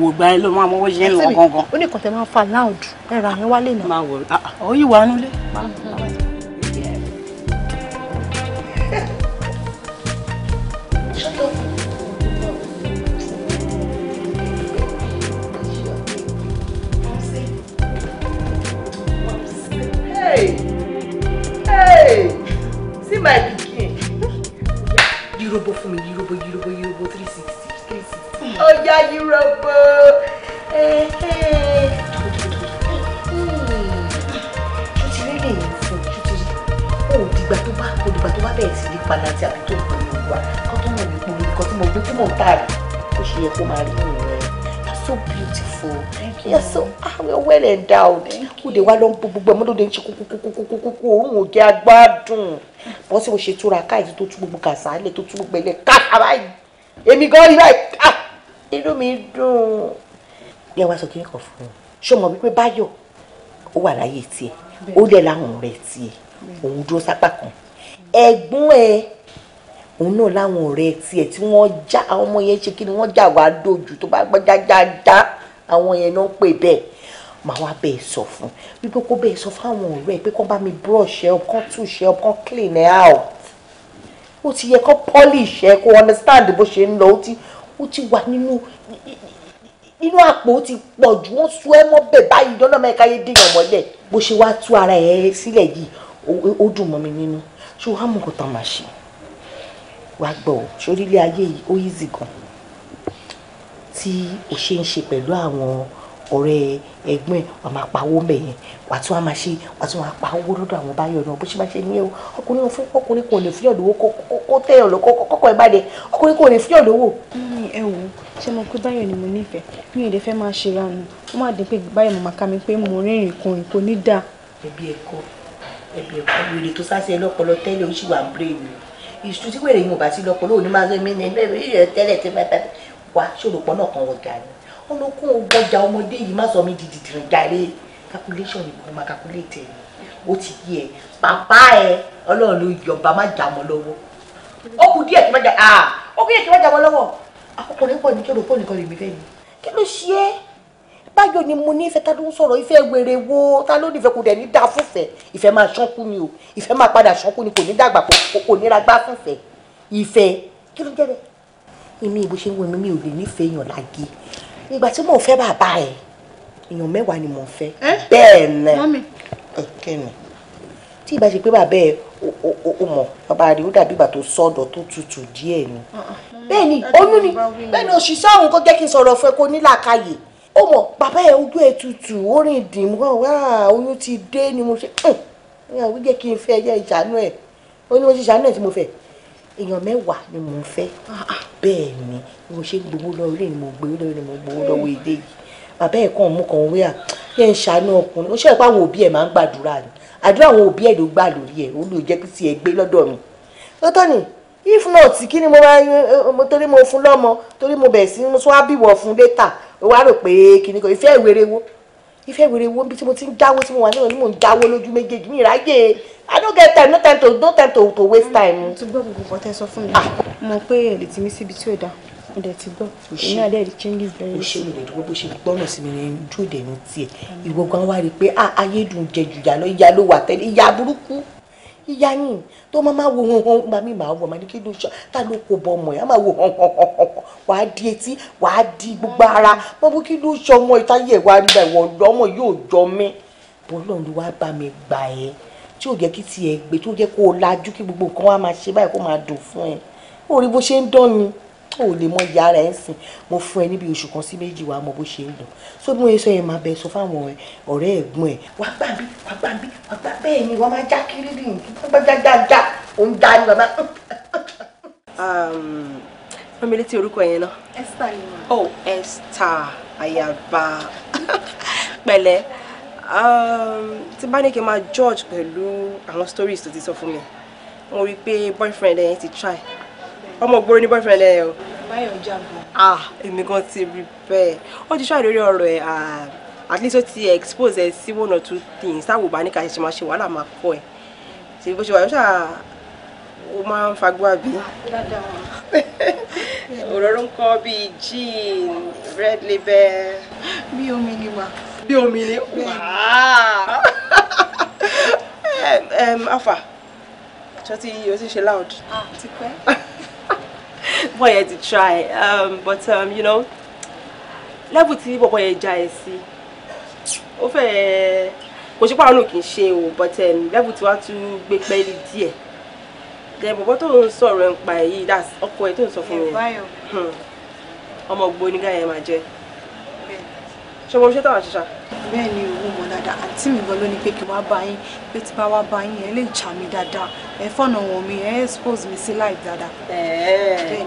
wò gba ẹ ló máa mọwọ́ ṣe ń lọ gangan. ó ní kọ́tẹ́ máa fa loud ẹ̀rọ àyẹ̀wálé náà. máa wọ̀ ọ́ ah, yìí wà á nulẹ̀. yírobo fún mi Hey hey! yírobo three sixty three sixty. ó yá yírobo. ṣùtì lélẹ̀ yìí fún ṣùtì ó dìgbà tó bá ó dìgbà tó bá bẹ̀rẹ̀ sí ní padà tí àbí tó gbòòrò wa kó tó mọ̀ nípa omi kan tí mo gbé tí mò ń tà rí ó ṣe yẹ kó máa rí ìrìn rẹ̀ so beautiful. Thank you. You're so ah, you're well endowed. Ó dé wá lọ npo gbogbo mo do de nchi kukukukukukuku orun o jẹ agbádùn. Bó ṣe o ṣe túra ká yìí tó tú gbogbo kasa le tó tú gbogbo ele ká báyìí. Èmi gan rí báyìí ah. Inú mi dùn. Ye wá sọ kini kan fún. Ṣó mọ̀ bí pé Báyọ̀ ó wà láyé tiẹ̀. Ó dẹ̀ láwọn rẹ̀ tiẹ̀. Òun dúró sápá kan. Ẹ̀gbọ́n ẹ̀ òun náà láwọn ọ̀rẹ́ tiẹ̀ tí wọ́n já àwọn ọmọ yẹn ṣe kí ni wọ́n já wá dojú tó bá gbọ́ jájájá àwọn yẹn náà ń pè bẹ́ẹ̀ màá wá bẹ́ẹ̀ sọ fún wípé kó bẹ́ẹ̀ sọ fáwọn ọ̀rẹ́ pé kó bá mi brush ẹ kó túṣe ẹ kó clean ẹ out ó ti yẹ kó polish ẹ kó understand bó ṣe ń lọ ó ti ó ti wà nínú nínú àpò ó ti pọ̀ jù wọ́n sún ẹ mọ́ bẹ́ẹ̀ báyìí lọ́nà mẹ́ka yé dèèyàn mọ́lẹ̀ bó ṣe wá tú ara ẹ sílẹ̀ yìí ó dùn mọ́ mi nínú ṣé wàá mú nǹkan tán máa ṣe wàá gbọ́ ọ sórílẹ̀ ayé yìí ó yí zìgàn tí o ṣe ń ṣe pẹ̀lú àwọn ọ̀rẹ́ ẹ̀gbọ́n wàá máa pawó mẹ́yẹn wàá tún wàá máa ṣe wàá tún wàá pawó lọ́dọ̀ àwọn báyọ̀ náà bó ṣe máa ṣe ní ẹ̀wọ̀ ọkùnrin kan fún ọkùnrin kan ò lè fíyàn lówó kó tẹ̀yàn lọ kọ́kọ́ ẹ̀ bá dẹ ọkùnrin kan ò lè fíyàn lówó. ẹ wo ṣé mo pé báyọ̀ ni mo nífẹ̀ẹ́ mi ò lè fẹ́ máa ṣe ránu ó má dín pé báyọ̀ mo máa ká mi pé mo rìnrìn kan ìkò ní dáa. ẹbí ẹkọ ẹbí ẹkọ ìṣú tí wèrè yìí mo bá ti lọ pọ̀ lóò ní máa gbé mi ní ẹgbẹ́ ìrẹ̀ tẹ́lẹ̀ tí bá bá wà ṣòlòpọ̀ náà kan wọ̀gà ni ọlọ́kùn ọgbọ́jà ọmọdé yìí má sọ mí dìdìdìrín jàre calculation ni mo máa calculate ẹ̀ ó ti yí ẹ pàpá ẹ ọlọ́run ló yọba má jà mọ́ lọ́wọ́ ó kù díẹ̀ tí má jà ó kù díẹ̀ tí má jà mọ́ lọ́wọ́ akọkùnrin pọ̀ ní kí olùkọ́ nìkan lè mí fẹ́ mi kí ló ṣe é báyọ̀ ni mo nífẹ̀ẹ́ tá ló ń sọ̀rọ̀ ìfẹ́ wèrè wo tá ló nífẹ̀ẹ́ kò dẹ̀ ní dá fúnfẹ́ ìfẹ́ máa ṣánkú ni o ìfẹ́ máa padà ṣánkú ni kò ní dàgbà kò ní ra gbá fúnfẹ́ ìfẹ́ kí ló jẹ́ bẹ́ẹ̀ èmi ìbò ṣe ń wo mi mi ò lè nífẹ̀ẹ́ èèyàn lágé ìgbà tí mò ń fẹ́ bàbá ẹ̀ èèyàn mẹ́wàá ni mò ń fẹ́ bẹ́ẹ̀ ni kẹ́ni tí ìbá ṣe pé bàbá ẹ̀ o mọ̀ bàbá rẹ̀ ó dàbí ìgbà tó sọ́dọ̀ tó tutù díẹ̀ ni ah, ah. bẹ́ẹ̀ ni oyún ni bẹ́ẹ̀ ni òṣìṣẹ́ òun kó kí n sọ̀rọ̀ fún ẹ kó nílàkàyè ó mọ̀ bàbá ẹ̀ ojú ẹ̀ tutù orin ìdìmú wá oyún ti dé ni mo ṣe ẹ̀yàn jẹ́ kí n fẹ́ ẹ̀yẹ ìṣàánú ẹ̀ ó ní mo ṣe ìṣàánú ẹ̀ tí mo fẹ́ èèyàn mẹ́wàá ni mo fẹ́ ah, ah. bẹ́ẹ̀ ni mo ṣe ń gbowó lọ orí ni mo gbowó lọ orí ni mo gbowó lọ́wọ́ èdè hmm. yìí bàbá ẹ̀ kàn mú kan wíwà kí ẹ̀ ń ṣàánú ọkùnrin ó ṣe pé àwọn òbí ẹ̀ máa ń gbàdúrà ni àdúrà àwọn òbí ẹ̀ ló gbà lórí ẹ̀ ó lè jẹ́ kí tiẹ̀ gbé lọ́dọ̀ mi lọ́tọ̀ ni if not kí ni mo máa eh, eh, torí mo fún lọ́mọ torí mo bẹ̀ sí mo tún wá bíwọ̀ fún létà wá rò pé kinní kan ìfẹ́ ìwéré wo ìfẹ́ ìwéré wo bí tí mo ti ń dáwó tí mo wà nílò ni ń dáwó lójú méjèèjì ní ìráyè I don't get time no time to no time to to waste time. ti gbọ́ gbogbo nǹkan tẹ́ sọ fún mi mo pé èlé ti mí síbi tí ò dáa mo dẹ̀ ti gbọ́ ìyá adé rí changes very soon. o ṣe ìrètí wọ́n bó ṣe gbọ́nà sí mi ní ojú òde tiẹ̀ ìwọ gan wá rí i pé ah, ayédùn jẹjù yà lọ ìyá ló wà tẹ́lẹ̀ ìyá burúkú ìyá yìí tó máa máa wo hàn hàn gba mi máa wọ̀ máa ní kí ló ṣọ ta ló kó bọ ọmọ ẹ̀ á máa wo hàn hàn hàn hàn wàá di etí wàá di gbogbo ara máa bó kí ló ṣọ ọmọ ìta yẹ wá rí ìwọ ọmọ yóò jọ mí bọ́lọ́run ló wá bá mi gbà ẹ́ tí ò jẹ́ kí tiẹ̀ gbé tó jẹ́ kó o lajú kí gbogbo nǹkan wá máa ṣe báyìí kó máa dùn fún ẹ ó rí bó ṣe ń dán ni o lè mọ ìyá rẹ̀ ń sìn mo fún ẹ níbi oṣù kan sí méjì wa mọ bó ṣe ń dùn so bí wọ́n sọ yẹn máa bẹ sọ fáwọn ọ̀rẹ́ ẹ̀gbọ́n ẹ̀ wá gbà bí wá gbà bí wá gbà bẹ́ẹ̀ ni wọ́n máa já kiri bí gbàgbàgbàgbà òun dá ní bàbá. Mami um, létí orúkọ yẹn náà. Esther ni wọn. Oh Esther Ayaba pẹ̀lẹ́ um, tí bá ní kí n máa George pẹ̀lú àwọn stories tó ti sọ fún mi mo rí i pé boyfriend ẹ̀yìn ti try ọmọ ògbóró ní boyfriend ẹ o. báyọ̀ jàǹbá. ah èmi gan ti rí bẹ́ẹ̀ ó ti ṣáà lórí ọ̀rọ̀ ẹ̀ ah, at least ó ti expose ẹ sí one or two things táwọn bá ní ká ṣe máa ṣe wàhálà máa kọ ẹ ṣe bó ṣe wà yóò ṣáà ó máa ń fagbá bí. òróró ń kọ́ bíi jean red label. bí omi ni wà. bí omi ni wà. afa ṣọtí o ti ṣe loud. ah ti pẹ́. Why I ti try um, but um, you know level tí bọ̀bọ̀ yẹn já ẹ see. ó fẹ́ kò ṣe pàrọ̀ náà kì o but um, level tí wàá tún gbé pẹ́ẹ́lí díẹ̀ dẹ̀ bọ̀bọ̀ tó ń sọ̀rọ̀ ẹ̀ by pa èyí ọkọ ẹ̀ tó ń sọ fún mi hmm. ọmọ ògbóni gáyẹn máa jẹ́ ṣe mo ṣe táwọn ṣiṣà. bẹ́ẹ̀ ni òun mọ̀ dáadáa àǹtí mi gan ló ní pé kí wá bá yín pé tí bá wá bá yín ẹ lè jà mí dáadáa ẹ fọ̀nà wọn mi ẹ expose mi sí live dáadáa. bẹ́ẹ̀ ni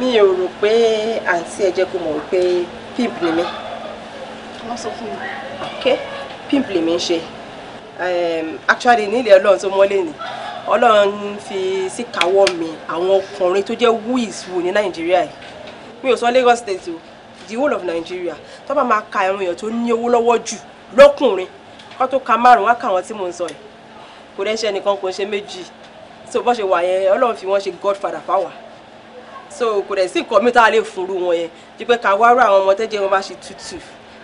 mi ò rò pé àǹtí ẹ jẹ́ kó mọ̀ pé pimp ni mí. wọ́n sọ fún mi. ok pimp lèmi ń ṣe actually nílẹ̀ ọlọ́run tó mọ́lé ni ọlọ́run fi síkàwọ́ mi àwọn ọkùnrin tó jẹ́ wíìsì wù ní nàìjíríà yìí mi ò sọ Lagos state o the whole of Nigeria tó bá máa ka ẹ̀rùn èèyàn tó ní owó lọ́wọ́ jù lọ́kùnrin kó tó ka márùn-ún wá ka àwọn tí mò ń sọ yìí kò dẹ́ṣẹ́ nìkan kò ṣe méjì so bó ṣe wà yẹn Ọlọ́run fi wọ́n ṣe godfather power. so kò dẹ̀ sí nǹkan mi tá a lè fúru wọn yẹn ju pé ká wá rú àwọn ọmọ tẹ́jẹ́ wọn bá ṣe tútù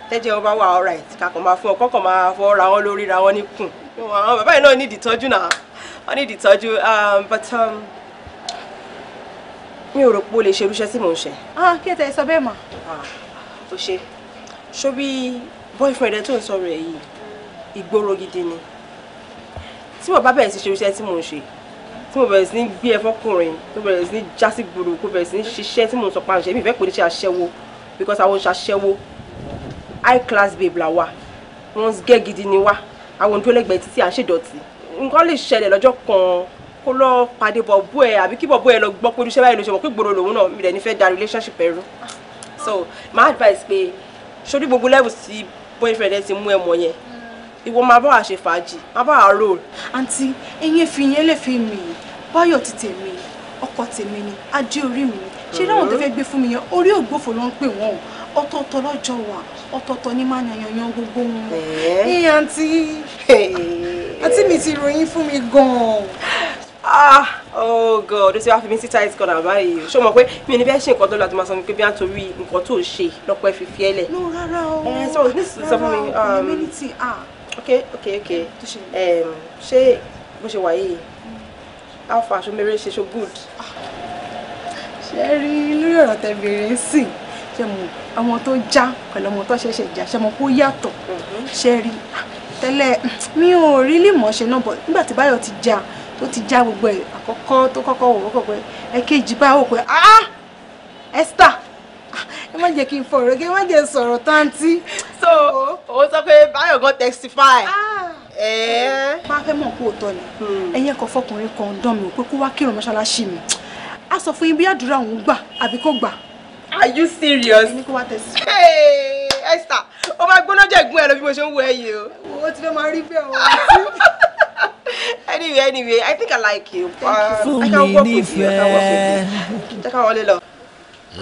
tẹ́jẹ́ wọn bá wà alright kàkàn máa fún ọ kọ́kàn máa fọ́ ra wọn lórí ra wọn níkùn àwọn bàbá yìí náà ní ìdìtọ́jú náà wọ́n ní ìdìtọ́jú um, but um, mi ò rò pé o lè ṣe irúṣẹ́ tí mò ń ṣe. Ah, kí ẹ tẹ̀ sọ bẹ́ẹ̀ mà. o ah, ṣe ṣóbí boyfriend ẹ tó ń sọ̀rọ̀ ẹ yìí ìgboro gidi ni tí mo bá bẹ̀rẹ̀ sí ṣe irúṣẹ́ tí mò ń ṣe tí mo bẹ̀rẹ̀ sí ní gbé ẹ fọkùnrin tó bẹ̀rẹ̀ sí ní já sí gbòòrò kó bẹ̀rẹ̀ sí ní ṣiṣẹ́ tí mò ń sọ pa àṣẹ mi ìfẹ́ pè ní ṣe aṣẹ́wó because àwọn ṣaṣẹ́wó high class babe la wa wọ́n gẹ́ gidi ni wa àwọn òǹdó lẹ́gbẹ̀ẹ́ títí à ń ṣèdọ̀tí nǹkan lè ṣẹlẹ̀ lọ́jọ́ kan kó lọ pàdé bọ̀bú ẹ̀ àbí kí bọ̀bú ẹ̀ lọ gbọ́ pé irúṣẹ́ báyìí ló ṣe mọ̀ pé gbòòrò lòun náà mi nífẹ̀ẹ́ da relationship ẹ̀rú so my advice pé sórí gbogbo level sí boyfriend ẹ ti mú ẹ mọ̀ yẹn mm. ìwọ máa bá wa ṣe fàájì máa bá wa roll. àǹtí ẹyin fi yẹn lè fi mi báyọ̀ ti tèmi ọkọ tèmi ni ajé orí mi ṣé mm-hmm. láwọn tó fẹ́ gbé fún mi yẹn orí ògbófò ló ń pè wọ́n o ọ̀tọ̀ọ̀tọ̀ lọ́jọ́ wa ọ̀tọ̀ọ̀tọ̀ ní máa yan yan gbogbo wọn. ẹ àǹtí àǹtí mi ti ròyìn fún mi gan-an ah oh god ó ti wá fi mi sí tight corner báyìí ṣó mọ̀ pé mi ò ní bẹ́ẹ̀ ṣe nǹkan tó lọ àti máa sọ mi pé bí wọ́n torí nǹkan tó ṣe lọ́pọ̀ ẹ̀ fi fi ẹ́ lẹ̀. no rárá o ẹ eh, sọ ní sọ fún mi. community um, ah. ok ok ok ṣé bó ṣe wà yìí alpha ṣomere ṣe ṣo good. ṣe rí lórí ọ̀rọ̀ tẹ bèrè ń sìn ṣe mọ àwọn tó já pẹ̀lú ọmọ tó ṣẹ̀ṣẹ̀ já ṣe mọ kó yàtọ̀ mhm. ṣe rí tẹ́lẹ̀ mi ò rí lè mọ̀ ṣe náà bọ̀ nígbà tí Báyọ̀ ti já tó ti já gbogbo ẹ̀ àkọ́kọ́ tó kọ́kọ́ wò wọ́pọ̀ pé ẹ̀kejì bá wò pé ah Esther ẹ má jẹ́ kí n fọ̀rọ̀ kí n má jẹ́ sọ̀rọ̀ táǹtí. so òun sọ pé báyọ̀ gan testify. máa ah, eh? fẹ́ mọ̀ kó o tọ́ ni hmm. ẹ̀yin ẹ̀kọ́ fọkùnrin kan ń dán mi pé kó wá kírun mọ́ṣáláṣí mi a sọ fún yín bí àdúrà òun gbà àbí kò gbà. are you serious. ẹni kó wá testify. Esther o máa gbóná jẹ̀gún ẹ lọ bí mo ṣe ń wo ẹ yìí o. o ti fẹ́ máa rí bẹ́ẹ̀ o anyway anyway I think I like you. Uh, I can work with you. Uh, Fún mi nífẹ̀ẹ́. Jẹ́ ká wọlé lọ.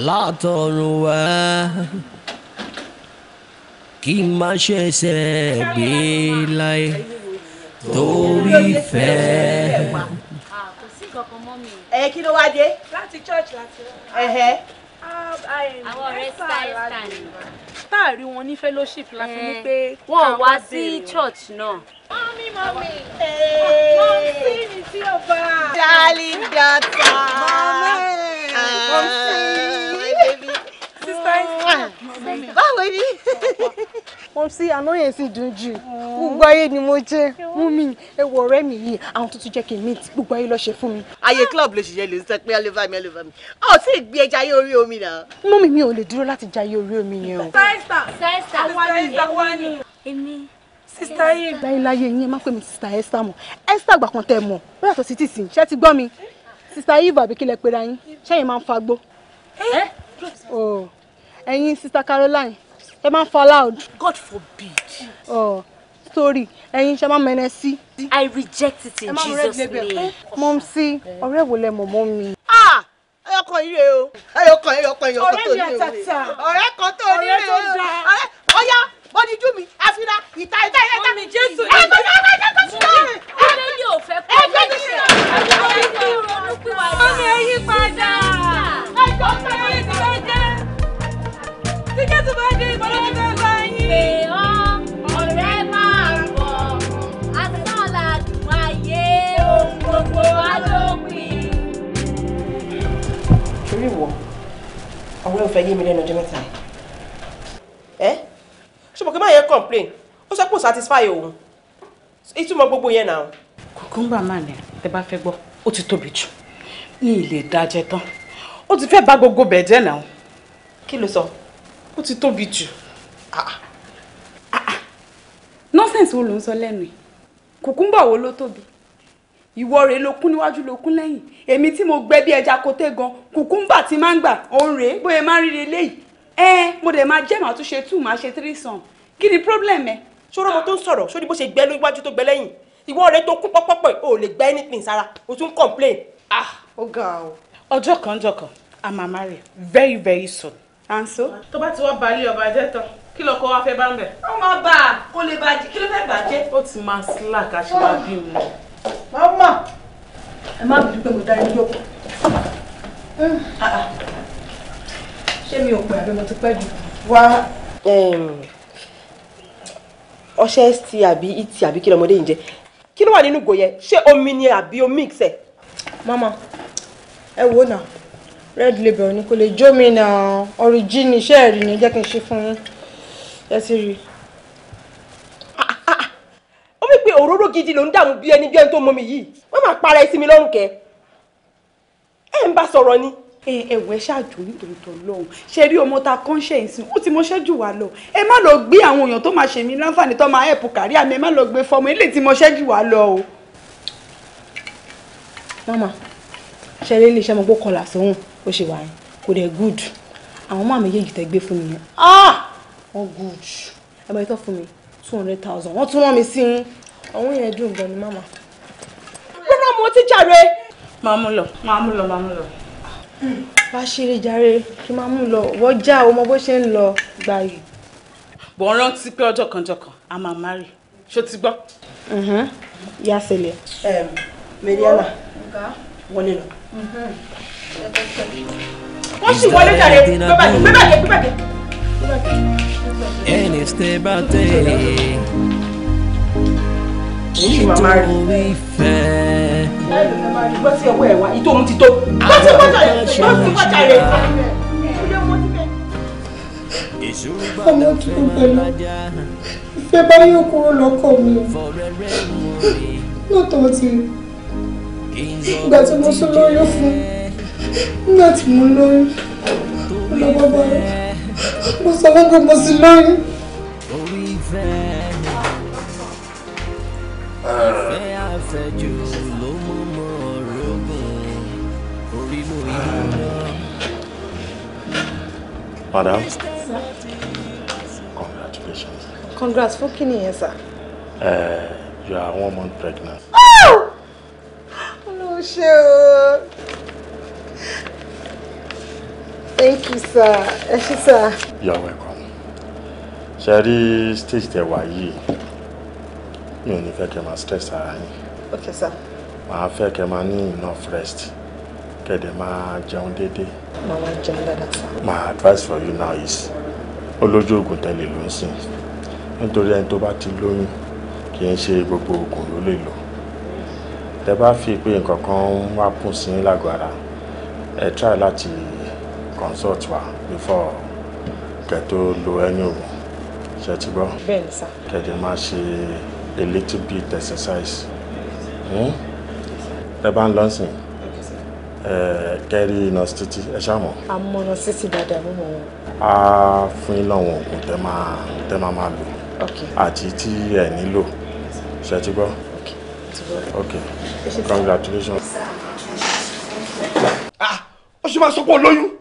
Látọ̀run wá kí n má ṣẹ̀ṣẹ̀ gbé láyé torí fẹ́. Ẹ eh, kí ló wá dé? Láti church láti àwọn ọ̀rẹ́ style style wọn ní fellowship la fi ní eh, pé. wọn wá sí church náà. mọ́mí mọ́mí mọ́mí mi sí ọba. darling daughter mọ́mí eh. mọ́mí báwo ni mo sí àná yẹn sì dùn jù gbogbo ayé ni mo jẹ mú mi ewu ọ̀rẹ́ mi yìí àwọn tó tún jẹ́ kí n meet gbogbo ayé lọ ṣe fún mi. ayé club lè ṣiṣẹ́ lè sọ pé aleva mi aleva mi ọ̀ tí ì gbé ẹja ayé orí omi náà. mú mi mi ò lè dúró láti jayé orí omi yẹn o. sẹ́sà sẹ́sà àwa ni èmi sista yìí. láyéláyé yín ẹ má pè mí sista Esther mọ́ Esther àgbà kan tẹ mọ̀ ó yàtọ̀ sí tìsín ṣé ti gbọ́ mi sista yìí bàbí kí lẹ pera yín ṣẹ́yìn máa ń fagbó. Eh? Oh ẹ̀yin sister Caroline ẹ máa fa loud. God forbid. Oh, sorry ẹ̀yin ṣe máa mẹ́nẹ sí. I reject it in Jesus name. Mọ̀mísí ọ̀rẹ́ wo lẹ mọ̀ mọ́ mi. Ah! ẹyọkọ yìí rè o ẹyọkọ ẹyọkọ ẹyọkọ tó ní rè ọ̀rẹ́ kan tó ní rè o ọ̀rẹ́ ọyá bọdíjú mi àfihàn ìta ìta ìta ìta mi jésù ní ìta ìta ìta ìta ìta ọ̀rẹ́ yìí ò fẹ́ kó ẹgbẹ́ mi ṣe ọ̀rẹ́ yìí ronú pìwà dà ọmọ ẹ̀yìn padà ẹjọ́ sọmọ ìdílé. Àbíkẹ́tù bá dé ìgbọ́dọ̀ ní bẹ́ẹ̀ bá yín. Pè ọ́ ọ̀rẹ́ máa bọ̀, àtẹ̀sán làdùn ayé ohun gbogbo wa ló pin. Ṣorí ìwọ, complain, ó sọ pé satisfy òun. Ìtumọ̀ gbogbo yẹn náà. Kùkúmbà máa ní tẹ bá fẹ́ gbọ́, ó ti tóbi jù. Ní ilé ìdájẹ́ tán, ó ti fẹ́ bà gbogbo bẹ̀ jẹ́ náà. Kí ló sọ? ó ti tóbi jù ah, ah. ah, nọ́sẹ̀nsì wo ló ń sọ lẹ́nu yìí kùkúmbà wo ló tóbi ìwọ rèé ló kún níwájú ló kún lẹ́yìn èmi tí mo gbẹ bí ẹja koté gan kùkúmbà tí máa ń gbà òun rèé bóyá máa ń rí eléyìí ẹ mo dẹ̀ máa jẹ́ màá tún ṣe two màá ṣe three sàn kí ni problem ẹ. ṣòro mo tó ń sọ̀rọ̀ ṣó ni bó ṣe gbẹ lójú tó gbẹ lẹ́yìn ìwọ rèé tó kún pọ́pọ́pọ́ ò lè gba anything sára o tún complain. ah ó ga o. ọjọ́ kan ọjọ́ kan a máa marry very very soon àǹsó. tó bá ti wá balẹ̀ ọba jẹ́ tán kí lọkọ wa fẹ́ bá ń bẹ̀. ó máa bá a kó lè bàjẹ́ kí ló fẹ́ bàjẹ́. ó ti máa slack àṣẹ máa bí mu. màmá ẹ má bìí pé mo dá yín lóko ah, ah. ṣé mi ò pè àbí mo ti pẹ́ jù. wá ọṣẹ sti àbí iti e àbí kí lọmọdé yìí jẹ kí ló wà nínú ìgò ṣé omi ni àbí omi mix ẹ. mama ẹ wo náà red label ni kò lè jó mi náà ọ̀ríjìnì iṣẹ́ ẹ̀rí ni jẹ́ kí n ṣe fún yín ẹ ti rí i. ó mi pe òróró gidi ló ń dààmú bí ẹni bí ẹni tó mọ mi yìí wọ́n máa para ẹsìn mi lọ́rùn kẹ́ ẹ̀ ń bá sọ̀rọ̀ ni. ẹ ẹwẹ ṣáàjò nítorí tó lọhùn ṣe rí ọmọ ta kọ́ńṣẹ́ ó ti mọṣẹ́ jù wá lọ ẹ má lọ gbé àwọn èèyàn tó máa ṣe mí láǹfààní tó máa ẹ̀pù kárí àmì ẹ má lọ gbé fọmọ ilé ti mọṣẹ́ jù wá lọ o. mama ṣe lè lè ṣe ọmọ gbókọlà sóhùn ó ṣe wà yẹn kò dẹ̀ good àwọn máàmì yéèjì tẹ́ gbé fún mi ah wọ́n good ẹ máa tọ́ fún mi two hundred thousand wọ́n tún rán mi sí i ọ̀hún yẹn dùn gan ni màmá. rárá mo ti jàre. máa mú lọ máa mú lọ máa mú lọ. bá a ṣeré jàre kí máa mú lọ wọ́n já o mọ bó ṣe ń lọ gbàyè. bọ̀ ń rántí pé ọjọ́ kan jọ kan a máa má rí ṣó ti gbọ́. yá sẹlẹ̀. mẹ́ríàmà wọlé lọ wọ́n sì wọlé jáde gbẹ́bàgẹ́ gbẹ́bàgẹ́ gbẹ́bàgẹ́. ẹni ṣe bá tẹ̀ nítorí ìfẹ́. gbọ́ sí ọwọ́ ẹ̀ wá ìtò òun ti tó gbọ́ sí wájà rẹ̀ gbọ́ sí wájà rẹ̀. Àmọ́ kí ló pẹ̀lú? Ìfẹ́ bá yóò kúrò lọ́kọ̀ mi. Lóòótọ́ ti. Ìgbà tí mo sún lóyún fún un nígbà tí mo lóyún ọ̀nà bàbá rẹ̀ mo sọ fún pé mo lóyún. Madam, congratulations. Congrats for kí nìyẹn sir. Uh, you are one month pregnant. Oh! Ah! No Olóṣèlú thank you sir Thank you, sir. you are welcome Shari, rí stage tẹ wá yìí mi ò ní fẹ́ kẹ́ stress ara yín. okay sir. màá fẹ́ kẹ́ máa ní enough rest kẹ́dẹ̀ máa jẹun déédéé. màá wá jẹun dáadáa sir. my advice for you now is olójú oògùn tẹ́lẹ̀ ló ń sìn nítorí ẹni tó bá ti lóyún kì í ṣe gbogbo oògùn ló lè lò tẹ bá fi pé nǹkan kan wá kún sí lágọ̀ọ́ ara ẹ try láti consult wa before kẹ́ tó lo ẹni òògùn ṣe ti gbọ́. bẹ́ẹ̀ni sá. kẹ̀dẹ̀ máa ṣe a little bit exercise. Hmm? ẹ bá ń lọ sí kẹ́rí iná títí ẹ ṣáà mọ̀. àmọ́ iná títí dáadáa mú mọ́ wọn. a fún yín lọ́wọ́ oògùn tẹ́ máa tẹ́ máa máa lò àti tí ẹ nílò ṣe ti gbọ́. ok congratulations. ah ó ṣe máa sọ pé olóyún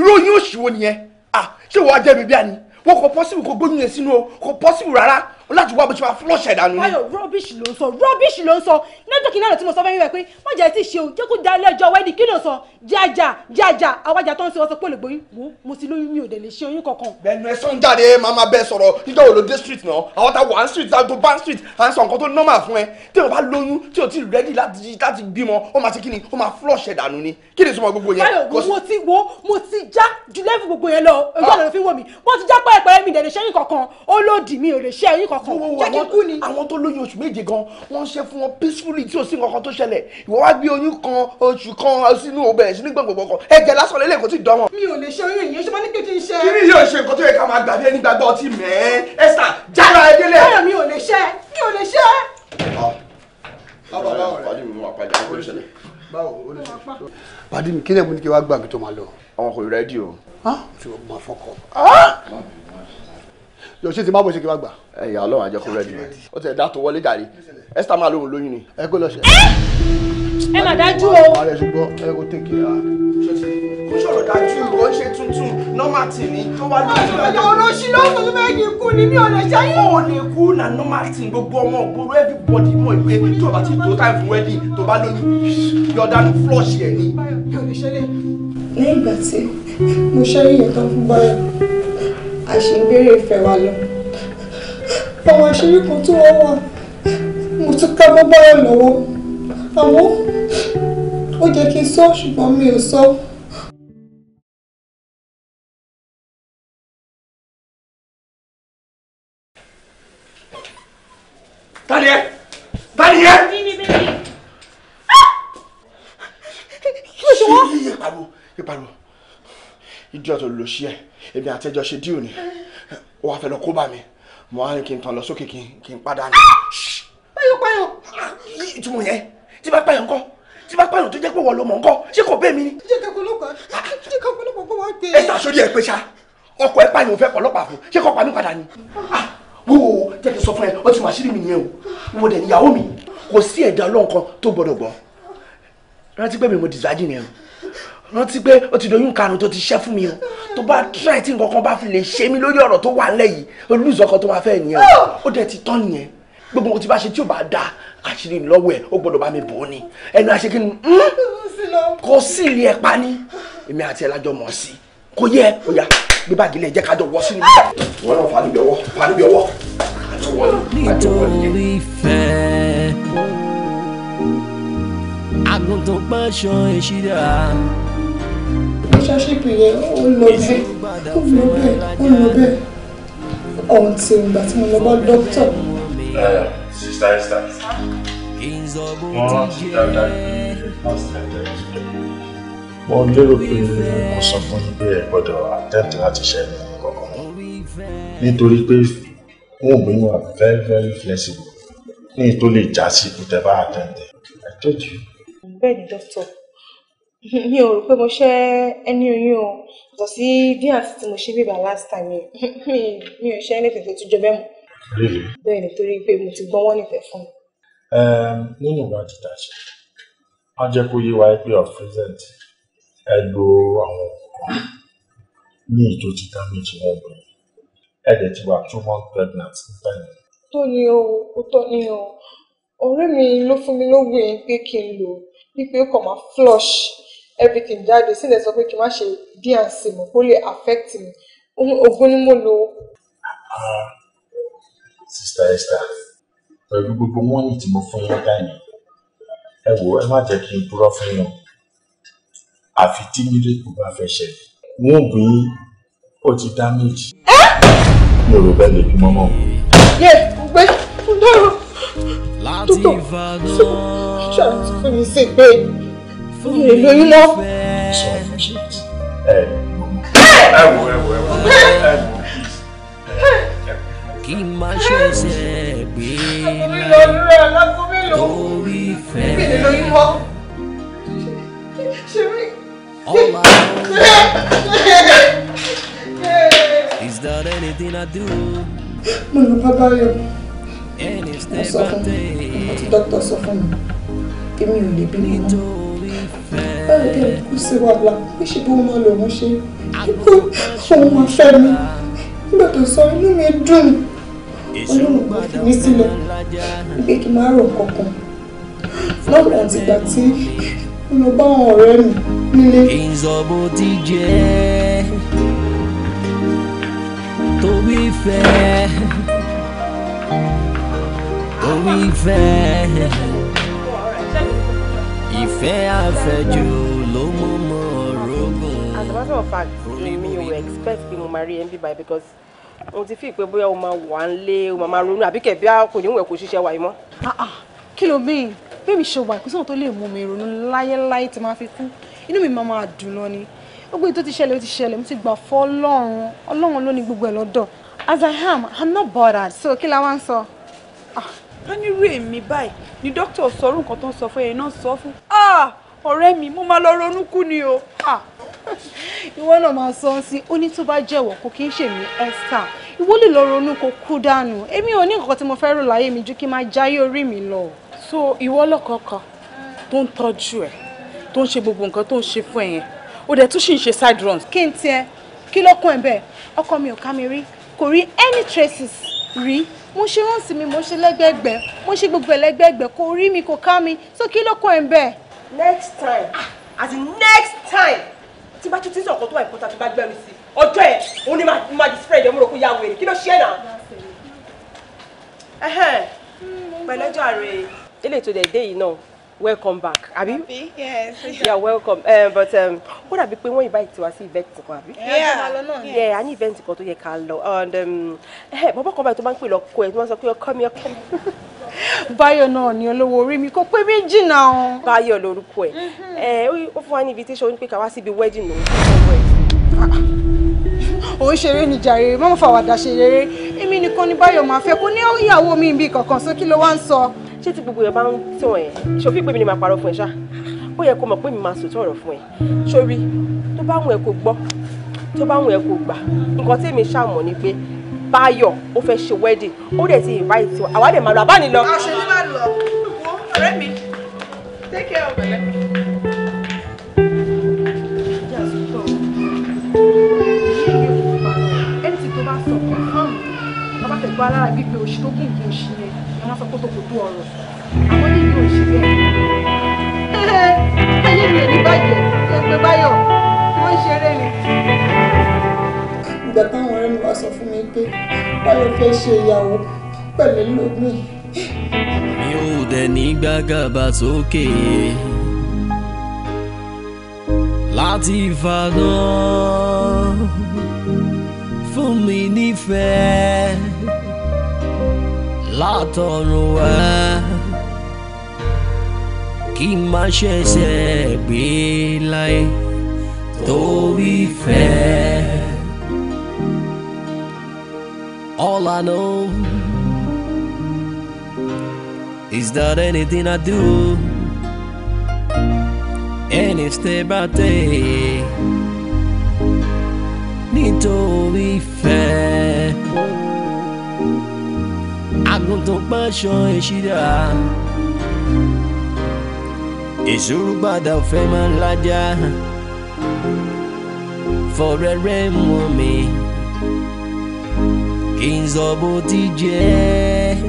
ìròyìn òṣìwò nìyẹn ah ṣé wàá jẹ́ bíbí àní wọn kò possible kò gbóyún yẹn sínú o kò possible rárá o láti wá bó ṣe máa flush dànù ni. báyọ̀ rubbish ló ń sọ rubbish ló ń sọ lọ́jọ́ kìnìún àná tí mo sọ fẹ́ mi rẹ̀ pé wọ́n jẹ́ ti ṣe o jẹ́ kó da ilé ẹjọ́ wẹ́ẹ̀dì kí ló sọ jájà jájà àwájà tó ń ṣe wọ́n sọ pé olùgbòyìn wo mo ti lóyún mi ò dẹ̀ lè ṣe oyún kankan. bẹ́ẹ̀ni ẹ sọ́n jáde màmá bẹ́ẹ̀ sọ̀rọ̀ nígbà wo ló dé street náà àwọn ta one street tó bá street à ń sọ nǹkan tó normal fún ẹ tí o bá lóyún tí o ti ready láti bímọ ó máa ti kí ni ó máa flush dànù ni kí ni ìsúnmọ́ gbogbo yẹn. báyọ̀ mo ti wo mo ti já ju lẹ́fù gbogbo yẹn lọ ojú àná ló fi wọ̀ mí mo ti já pẹ́ẹ́pẹ́ẹ́ mi dẹ̀ lè ṣẹ́yìn kankan ó lòdì mi ò kankan jẹ́ kí n kú ni. àwọn tó lóyún oṣù méje gan wọ́n ṣe fún wọn peacefully tí ò sí nǹkan tó ṣẹlẹ̀ ìwọ wá gbé oyún kan oṣù kan sínú òbẹ̀rẹ̀ sí ní gbọ̀ngbọ̀n kan ẹ̀jẹ̀ lásán lélẹ̀ kò tí ì dánwọ̀n. mi ò lè ṣe oyún ìyẹn ṣe máa ní pé kí n ṣe. kí ni yóò ṣe nǹkan tó yẹ ká máa gbàgbé ẹni gbàgbọ́ ọtí mẹ́ẹ́ Esther jára ẹ délẹ̀. báyọ̀ mi ò lè ṣe mi ò lè ṣe. Ah, pàdé mi kí lè mú ní kí wàá gbàgbé tó máa lọ. àwọn kò rí ah yọ ṣé ti má bọ̀ ṣe kí wá gbà. ẹyà Ọlọ́run àjẹkù rẹ nìyẹn ó ti ẹdá tó wọlé jàre Esther máa lóun lóyún ni. ẹ kó lọ ṣe. ẹ mà dájú o. ààrẹ ṣùgbọ́n ẹ kó tèké ra. kó sọ̀rọ̀ dájú ìwọ ṣe tuntun normal tì ní tó wá lóyún. ọ̀rọ̀ olóṣì ló ń tọ́jú bẹ́ẹ̀ kí n kú ni mi ò lè ṣe yín. ó lè kú na normal tì gbogbo ọmọ ògbóró everybody mọ̀ ìwé tó bá ti tó time wedding tó bá lóyún yọ̀dánù flush ẹ̀ ni. lẹ́yìn ìgbà tí mo ṣẹ́yìn yẹn tán fún báyọ̀ àṣìbéèrè ìfẹ́ wa lọ àwọn àṣírí kan tó wọ́n wà mo tún ká bọ́ bọ́rọ̀ lọ́wọ́ àwọn ó jẹ́ kí n sọ ṣùgbọ́n mi ò sọ. ṣí ẹ̀ èmi àtẹ́jọ́ ṣe díò ni ó wàá fẹ́ lọ kó bà mí mo wá ní kí n tàn lọ sókè kí n padà ní. báyọ̀ báyọ̀ ìtumọ̀ yẹn tí bá báyọ̀ ńkọ́ tí bá báyọ̀ tó jẹ́ pé wọ́n ló mọ̀ ńkọ́ ṣé kò bẹ́ẹ̀ mi ni. ṣé kakọ ọlọ́pàá ṣé kakọ ọlọ́pàá kó wàá gbé. ẹ sàṣọdí ẹ pé ṣá ọkọ ẹ pààyàn fẹ́ pọ̀lọ́pàá fún ṣé kò pa mí padà ni. Ah, wo jẹ́ kí n sọ fún ẹ ó ti mà sírí mi nìyẹn o wo dẹ̀ níyàwó mi kò sí ẹ̀dá ọlọ́run kan tó gbọ́dọ̀ gbọ́ rántí pé mi mo dìsájì nìyẹn o rántí pé o ti doyún karùn tó ti ṣẹ́ fún mi o tó bá tíráì tí nǹkan kan bá fi lè ṣe mí lórí ọ̀rọ̀ tó wà nílẹ̀ yìí olùsọ̀kan tó máa fẹ́ nìyẹn o oh! ó dẹ̀ ti tán nìyẹn gbogbo ohun tí bá ṣe tí ò bá dáa àṣírí lọ́wọ́ ẹ̀ ó gbọ́dọ̀ bá mi bò ó ni ẹnu àṣekí ni hmm? kò sí ilé ẹ̀ pa ni èmi àti ẹ̀ lájọ mọ̀ sí kò yẹ kò yá gbé báàgì lẹ̀ jẹ́ kájọ wọ́ sínú. wọn náà fani bí ọwọ́ fani bí ọwọ́ nítorí ìfẹ́ àgùntàn pàṣọ ìṣídà relationship yẹn ó lọ bẹ́ẹ̀ ó lọ bẹ́ẹ̀ ó lọ bẹ́ẹ̀ ọ̀hún ti ìgbà tí mo lọ bá dókítà. sista esta wọn láti dáadáa ní mo lérò pé mo sọ fún yín pé ẹ gbọ́dọ̀ àtẹ̀tẹ̀ láti ṣe ẹni kankan nítorí pé wọn ò gbẹ̀yìn wa very very flexible ní ètò lè já sí kùtẹ́ bá àtẹ̀tẹ̀ I told you. bẹ́ẹ̀ dókítà mi ò rò pé mo ṣẹ́ ẹni oyún o yàtọ̀ sí díẹ̀ àti tí mo ṣe bíbà last time yẹn mi ò ṣe anything tó tún jọ bẹ́ẹ̀ mọ́ bẹ́ẹ̀ nítorí pé mo ti gbọ́n wọ́n nífẹ̀ẹ́ fún un. nínú ìwádìí tá a ṣe wọ́n jẹ́ kó yé wa pé of present ẹ lo àwọn nǹkan ní ìjó ti damage wọn bẹ̀rẹ̀ ẹ dẹ̀ ti wà two months pregnant nígbà yẹn. tó ní o ó tọ́ ní o ọ̀rẹ́ mi ló fún mi lóògùn yẹn pé kí n lò ó wípé máa flush everything jáde sílẹ̀ sọ pé kí n má ṣe bí à ń sè mọ́ kó lè affect mi oògùn ni mo lò. Ah, sista Esther pẹ̀lú gbogbo mọ́nì tí mo fún yín dání ẹ wò ẹ má jẹ́ kí n purọ́ fún yín àfi tí nílé kò bá fẹ́ ṣẹ wọn ò bí ó ti damage. mi ò rò bẹ́ẹ̀ lè bímọ mọ́. yẹ gbé dọ̀rọ̀ dókítà ṣàtúnfẹ́ mi sí pé fún mi lóyún mọ́. kí n ṣe ṣe gbé láì fẹ́. is that anything I do? mo lọ bá báyọ̀ wọ́n sọ fún mi àti dókítà sọ fún mi èmi ò lè bí mi mọ́ báyìí dẹ̀ kú sí wàhálà níṣẹ bí wọn máa lọ wọn ṣe òun máa fẹ́ mi nígbà tó sọ inú mi dùn Ọlọ́run kò fi mí sílẹ̀ gbé kí máa rò kankan lọ́dọ̀ àtìgbà tí mo lọ bá àwọn ọ̀rẹ́ mi nílé. ìzọ̀bù ti jẹ́ torí ìfẹ́ torí ìfẹ́ ìfẹ́ àfẹ́jù ló mú mọ́ orogún. as a matter of fact èmi ò expect pé mo máa rí mb by because mo ti fi pé bóyá o máa wà ń lé o máa ronú àbí kẹ̀ bí a kò ní wẹ̀ kó ṣiṣẹ́ wa yìí mọ́. Ah, ah, kí ló mean bí mi ṣe wà kò sóhun tó lè mú mi ronú láyéláyé tí máa fi kú inú mi máa máa dùn lọ ni gbogbo ètò ti ṣẹlẹ̀ ó ti ṣẹlẹ̀ mo ti gbà fọ́ ọlọ́run ọlọ́run ló ní gbogbo ẹ̀ lọ́dọ̀ as i am i'm not bothered so kí la wá ń sọ. Ah, ká nírú èmi báyìí ni dókítà sọrú nǹkan tó ń sọ fún ẹ̀yin náà sọ fún ọ̀rẹ́ mi mo máa lọ ronú kú ni o. ìwọ náà máa sọ sí ó ní tó bá jẹ́wọ́ kò kí ń ṣèmi Esther ìwọ lè lọ ronú kó kú dànù èmi ò ní nǹkan tí mo fẹ́ rò láyé mi ju kí n máa jáyé orí mi lọ. so ìwọ lọ́kọ̀ọ̀kan tó ń tọ́jú ẹ̀ tó ń ṣe gbogbo nǹkan tó ń ṣe fún ẹ O ó dẹ̀ tún ṣì ń ṣe side runs. kí n tiẹ̀ kí lọ́kùn ẹ̀ bẹ́ẹ̀ ọkọ mi ò ká mi rí kò rí any traces rí mo ṣe rántí mi mo ṣe lẹ́gbẹ̀ẹ́gbẹ́ mo ṣe gbogbo ẹ̀lẹ́gbẹ̀ẹ́gbẹ́ kò rí mi kò ká mi so kí ló kọ́ ẹ̀ ń next time ah, as in next time tí bá tún ti sọ̀kọ́ tó wà ìkọ́ta tó bá gbẹ́rù sí ọjọ́ ẹ̀ òun ni máa di spread ẹ̀ mo rò kó yá wèrè kí ló ṣe náà. pẹ̀lẹ́jọ́ rẹ̀ eléyìí tó dẹ̀ dé yìí náà welcome back abi yes yeah welcome uh, but um, ó dàbí pé wọ́n invite tiwa sí event kan àbí yeah a ní event kan tó yẹ ká lọ and um, eh, bọ́bọ́ kan báyìí tó máa ń pè lọ kó ẹ tó máa ń sọ pé ọkọ mi ọkọ mi báyọ̀ náà ni olówó orí mi kò pé méjì náà. báyọ̀ lórúkọ ẹ̀ ẹ̀ mm-hmm. eh, ó fún wa ní invitation pé ká wá síbi wedding lòun ò ń ṣeré ní jàre mọ́mọ́fà wàdà ṣeré èmi nìkan ni báyọ̀ máa fẹ́ kó ní ìyàwó mi bí kankan sókè ló wá ń sọ ṣé tí gbogbo yẹn bá ń tàn ẹ́ ṣòfin pé mi ni màá parọ́ fún ẹ ṣá ó yẹ kó mọ̀ pé mi máa sòtọ́ ọ̀rọ̀ fún ẹ sórí tó bá wùn ẹ́ kó gbọ́ tó bá wùn ẹ́ kó gbà nǹkan tí èmi ṣàmọ̀ ni pé Báyọ̀ ó fẹ́ ṣe wedding ó dẹ̀ ti invite wa àwa dẹ̀ máa lọ àbáni lọ. àṣẹ ni máa lọ wo ọ̀rẹ́ mi take care of ọ̀rẹ́ mi. ẹni tí tó bá sọ kọ̀ọ̀kan bàbá tẹ̀gbọ́ alára gbígbé oṣù tó kù kì í máa sọ kótókótó ọ̀rọ̀ àmọ́ níbi òṣìṣẹ́ ayé mi ò ní bàjẹ́ ṣe pé báyọ̀ wọ́n ń ṣeré ni. ìgbà táwọn ọ̀rẹ́ mi wá sọ fún mi pé báyọ̀ fẹ́ ṣe ìyàwó pẹ̀lú lómi. mi ò dẹ̀ ní gbàgàbà sókè láti fàdán fún mi nífẹ̀ẹ́ látọ̀run wá kí n má ṣẹ̀ṣẹ̀ gbé láyé torí fẹ́. All I know is that anything I do, any step I take, nítorí fẹ́ àgùntàn pàṣán èṣìdá èṣòro gbàdá ọ̀fẹ́ máa ń lájà fọ̀rẹ́rẹ́ mọ́ mi kí n sọ bó ti jẹ́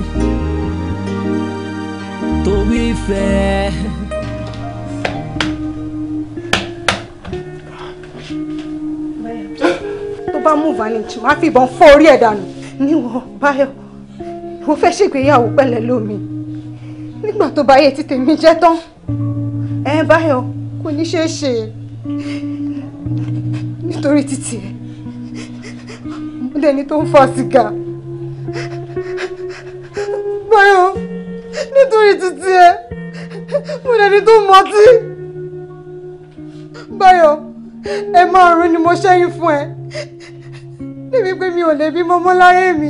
torí fẹ́. bá mú vanity má fi ìbọn fọ́ orí ẹ̀ dànù níwọ̀n báyọ̀ ìwọ fẹ́ ṣègbéyàwó pẹ̀lẹ́ lómi nígbà tó bá yẹ ti tèmi jẹ́ tán ẹ báyọ̀ kò ní ṣeé ṣe nítorí títì ẹ ó dẹni tó ń fa sìgá báyọ̀ nítorí títì ẹ mo dẹni tó ń mọtí báyọ̀ ẹ márùn-ún ni mo ṣẹ́yìn fún ẹ níbi pé mi ò lè bímọ mọ́ láyé mi.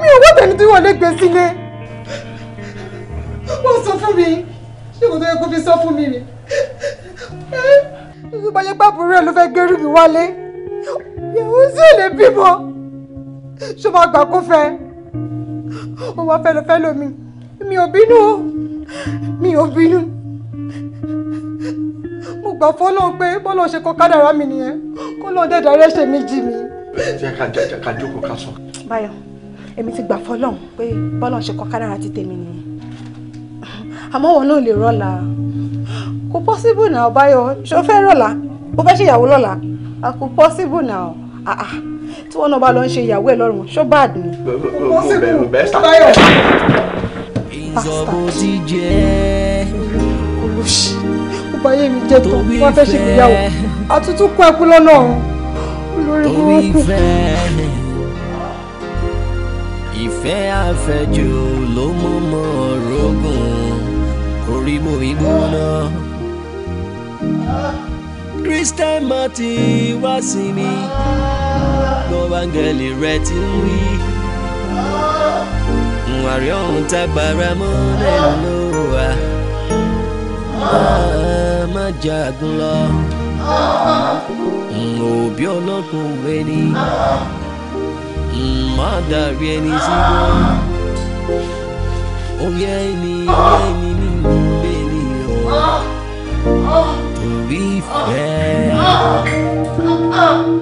mi ò wọ́tẹ̀ ní tí wọ́n lè gbé sílé wọ́n sọ fún mi ṣé kò tó yẹ kó fi sọ fún mi rè tó bá yẹ pé àbúrò ẹ ló fẹ́ gẹ́rù mi wálé ìyàwó sí ò lè bímọ ṣó máa gbà kó fẹ́ ó wá fẹ́ lọ fẹ́ lómi mi ò bínú mi ò bínú mo gbà fọlọ́n pé bọ́lá ṣe kọ kádàrá mi nìyẹn kó lọ́ọ́ dẹ̀dà rẹ̀ ṣe mí jì mí. jẹ́ ká jókòó ká sọ. báyọ̀ èmi ti gbà fọlọ́hún pé bọ́lọ̀ ṣe kọ́ kádàrá ti tèmi nìyẹn àmọ́ wọn náà lè rọ́la kò pọ́síbù náà ọbáyọ ṣó fẹ́ rọ́la ó fẹ́ ṣèyàwó lọ́la ah, kò pọ́síbù náà àà tí wọn náà bá lọ ń ṣe ìyàwó ẹ lọ́rùn ṣó bad ni. kò pọ́síbù ọbáyọ. ìzọ̀bù ti jẹ́ olóṣì ọbáyé mi jẹ́ tó wọ́n fẹ́ ṣe ìgbéyàwó àtútù kọ́ ẹkú lọ́nà ọ̀run olórí burúkú ìfẹ́ àfẹ́jù ló mú mọ́ ọ̀rọ̀gùn orí mo ìgbóná. Christian Martin wá sí mi lọ́wọ́ngẹ̀lì rẹ̀ ti ń wí. Nwàrí ọ̀hún tágbára mọ́ lẹ́nu wa. Má jagun lọ. Òbí ọlọ́kùnrin ni má dàrí ẹni sígbó orí ẹni orí ẹni ní ìgbé ni o torí ìfẹ́. Oh!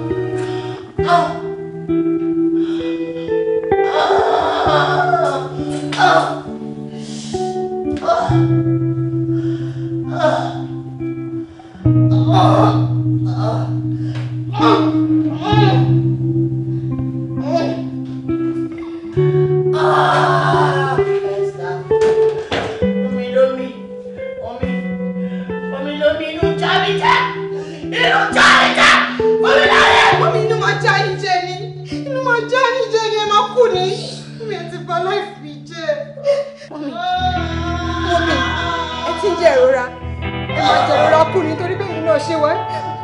jẹ ìrora ẹ máa jẹ ìrora kù nítorí bẹ́ẹ̀ náà ṣe wá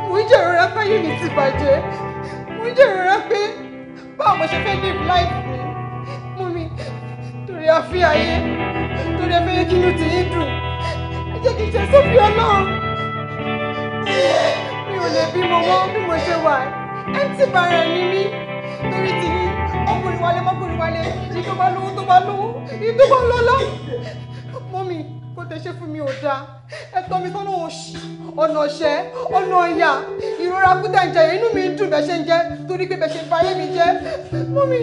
mo ń jẹ ìrora báyìí mi ti bàjẹ́ mo ń jẹ ìrora pé báwo mo ṣe fẹ́ live life mi mú mi torí àfi ayé torí ẹ fẹ́ yẹ kí inú ti yín dùn ẹ jẹ́ kí n ṣe sófin ọlọ́run mi ò lè bímọ mọ́ bí mo ṣe wà ẹ ti bàrà ní mí torí ti yín ọkùnrin wálé mọ́kùnrin wálé yìí tó bá lówó tó bá lówó yìí tó bá lọ́lá mọ́mì kó tẹ ṣe fún mi ò dáa ẹ tọ́ mi sọ́nà òṣì ọ̀nà ọ̀ṣẹ́ ọ̀nà ọ̀yà ìrora kúta ìjẹ inú mi dùn bẹ́ẹ̀ ṣe ń jẹ́ torí pé bẹ́ẹ̀ ṣe fa ayé mi jẹ́ mú mi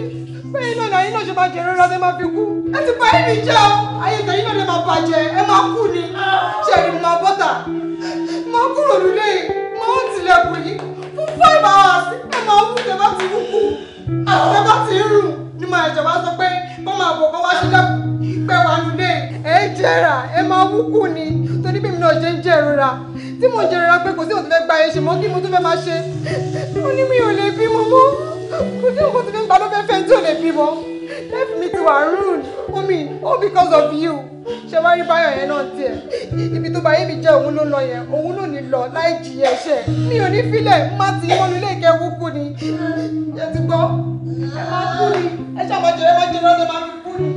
bẹ́ẹ̀ iná náà iná ṣe máa jẹ ìrora tẹ́ máa fi kú ẹ ti fa ayé mi jẹ́ o ayé ìjẹ iná rẹ̀ máa bàjẹ́ ẹ máa kú ni ṣe rí mo máa bọ́tà máa kúrò nílé máa ń tilẹ̀kùn yìí fún five hours ẹ máa wú tẹ bá ti wú kú àti tẹ bá ti rù ni máa ìjọba sọ pé bọ́n máa bọ̀ bọ́ wá ṣe lẹ́kùn pẹ́ wà nílé ẹ jẹ́ra ẹ máa wúkú ni torí bí mi náà ṣe ń jẹ́ ìrora tí mo jẹ́ ìrora pé kò sí òtún fẹ́ gba ẹṣin mọ́ kí mo tún fẹ́ máa ṣe mo ní mi ò lè bímọ mọ́ kò sí òkú tó fẹ́ gba ló fẹ́ fẹ́ tí ò lè bímọ life mi ti wà rude omi all because of you ṣe wá rí báyọ̀ yẹn náà tiẹ̀ ibi tó bá yé mi jẹ́ òun ló lọ yẹn òun ló ní lọ láì jìyà ẹ̀ṣẹ̀ mi ò ní filẹ̀ má ti mọ́nu ilé ìkẹ́ wúkú ni ẹ ti gbọ́ ẹ máa kú ni ẹ ṣàmọ̀jọ ẹ máa jẹ lọ́dọ̀ máa fi kú. Hmm.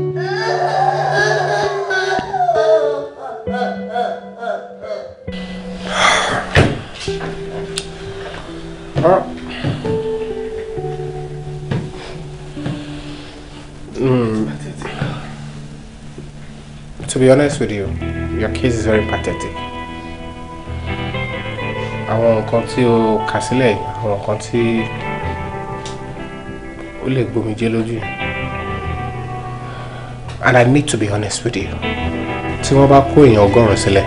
to be honest with you, your case is very pathetic. I nǹkan tí o kà sílẹ̀, àwọn nǹkan tí ó lè gbomijé and I need to be honest with you tí wọ́n bá kó èèyàn ọgọ́rùn-ún sílẹ̀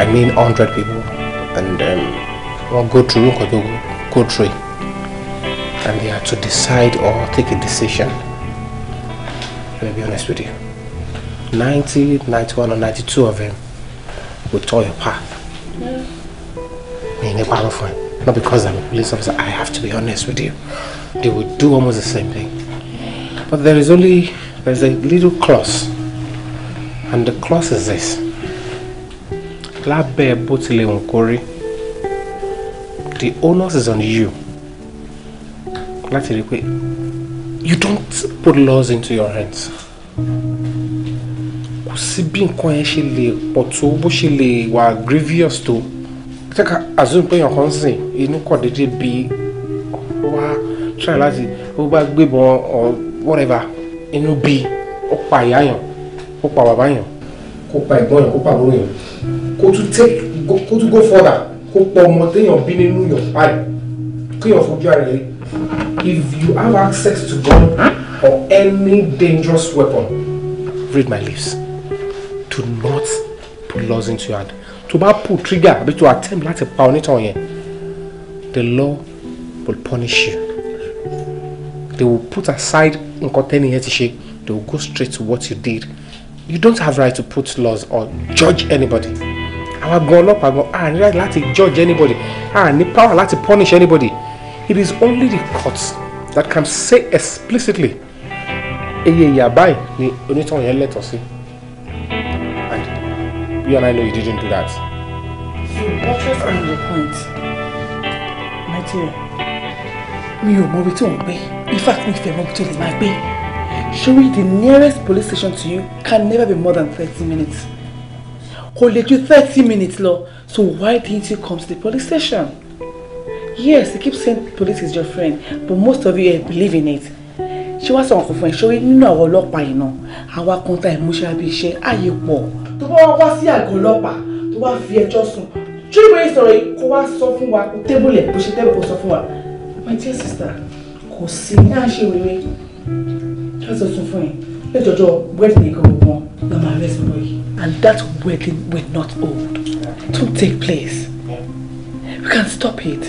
I mean hundred people and um, wọ́n um, go through nǹkan tó go through and they are to decide or take a decision let me be honest with you ninety ninety-one or ninety-two of them will tore your path Me ní parọ́ fún ẹ not because I'm a police officer I have to be honest with you they will do almost the same thing. But there is only, there's a little clause. And the clause is this. Lábẹ́ bó tilẹ̀ ń kórè. The onus is on you. Láti rí pé you don't put laws into your hands. Kò sí bí nǹkan yẹn ṣe le pọ̀ tó bó ṣe lè wà grievous tó. Ṣé ká assume pé èèyàn kan sìn inú kọ̀ déédéé bí wá try láti ó bá gbébọn ọ̀ whatever inú bí ó pa ìyá yàn ó pa bàbá yàn kó pa ẹ̀gbọ́n yàn kó pa àbúrò yàn kó tún take kó tún go further kó pọ ọmọ téèyàn bí nínú yàn báyìí kéèyàn fojú ara rẹ̀ if you have access to gun or any dangerous weapon read my lips do not put laws into your hand to bá pull trigger àbí to attempt láti pa onítàn yẹn the law will punish you they will put aside nǹkan tẹ́ni they will go straight to what you did you don't have right to put laws or judge anybody I àwa up. I go ah ní right láti judge anybody a ní power láti punish anybody it is only the courts that can say explicitly eye ìyà báyìí ni onítàn Let us see. and you and I know you didn't do that. so what was the point my dear mi ò mọ ibi tó ń gbé in fact mi fẹ́ mọ ibi tó lè máa gbé surely the nearest police station to you can never be more than thirty minutes kò lè ju thirty minutes lọ so why didn't you come to the police station yes you keep saying police is your friend but most of you eh, believe in it ṣé wàá sọ̀rọ̀ fún ẹ ṣórí nínú àwọn ọlọ́pàá yìí náà àwa kan tá ìmúṣẹ́ abẹ́ iṣẹ́ ààyè pọ̀ tó bá wá sí àgọ́ ọlọ́pàá tó bá fi ẹjọ́ sùn ṣé ìwé ìsọ̀rọ̀ yìí kó wá sọ fún wa tébùlẹ̀ bó ṣe tẹ́bù kó sọ fún wa my dear sister kò sí ní àṣewèrè lọ́sọ̀ tún fún ẹ lẹ́jọ́jọ́ wedding nìkan gbọ̀ngàn na my rest boy and that wedding will not hold to take place we can stop it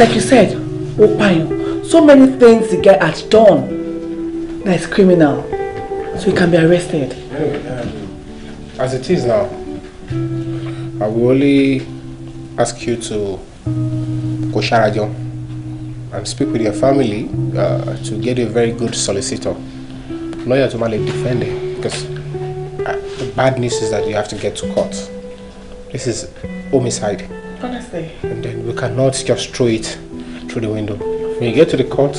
like you said ó so many things the guy has done that is criminal so he can be arrested. as it is now I will only ask you to kò ṣára jọ and speak with your family uh, to get a very good solicitor, lawyer to manage defending. Because uh, the bad news is that you have to get to court. This is homicide. Honestly. And then we cannot just throw it through the window. When you get to the court,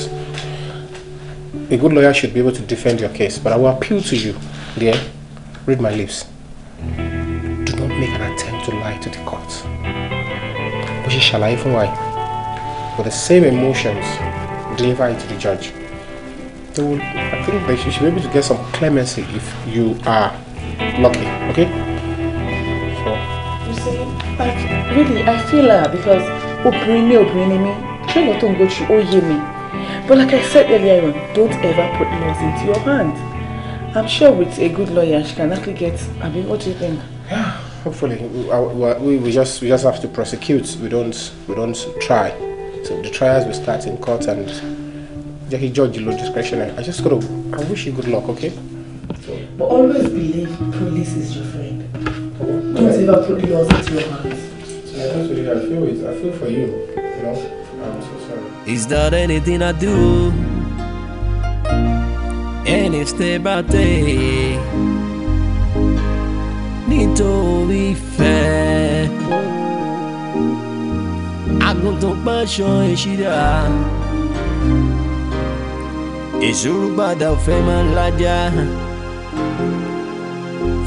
a good lawyer should be able to defend your case. But I will appeal to you, dear, read my lips. Do not make an attempt to lie to the court. But she shall I even why? with the same emotions, deliver it to the judge. Will, I think that you should be able to get some clemency if you are lucky, okay? So. You see, I, really, I feel her uh, because obìnrin ni obìnrin ni mí, train not to go to ó yé mi. But like I said earlier don't ever put laws into your hand. I'm sure with a good lawyer, she can actually get, I mean, what do you think? Yeah, hopefully. We, we, we just, we just have to prosecute. We don't, we don't try trials will start in court and Jackie George low discretionary. I just gotta I wish you good luck, okay? But always believe police is your friend. Don't ever put yours into your hands. I feel it. I feel for you. You know? I'm so sorry. Is there anything I do? Any step I take need to be fair? àgùntàn pàṣán èṣìdá èṣòro gbàdá ọ̀fẹ́ máa ń lájà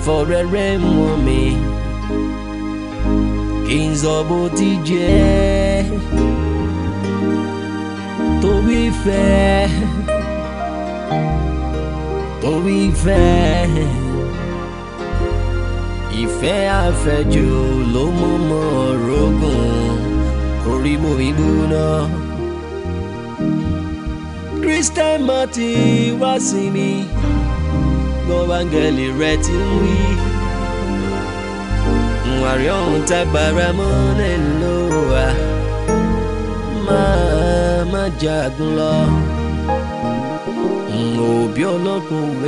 fọ̀rẹ́rẹ́ mọ́ mi kí n sọ bó ti jẹ́ torí ìfẹ́ torí ìfẹ́ ìfẹ́ àfẹ́jù ló mú mọ́ orogún orí mo ìgbóná. Christian mati wasimi, sí mi gbọ́n báńgẹ́lì rẹ ti ń wí. Nwàrí ọ̀hún tágbára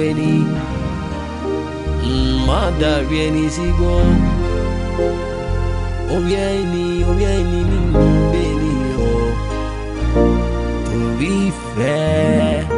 ẹni má dàrí ẹni sígbó orí ẹni orí ẹni nínú bẹ́ẹ̀ ni ọ̀ torí ìfẹ́.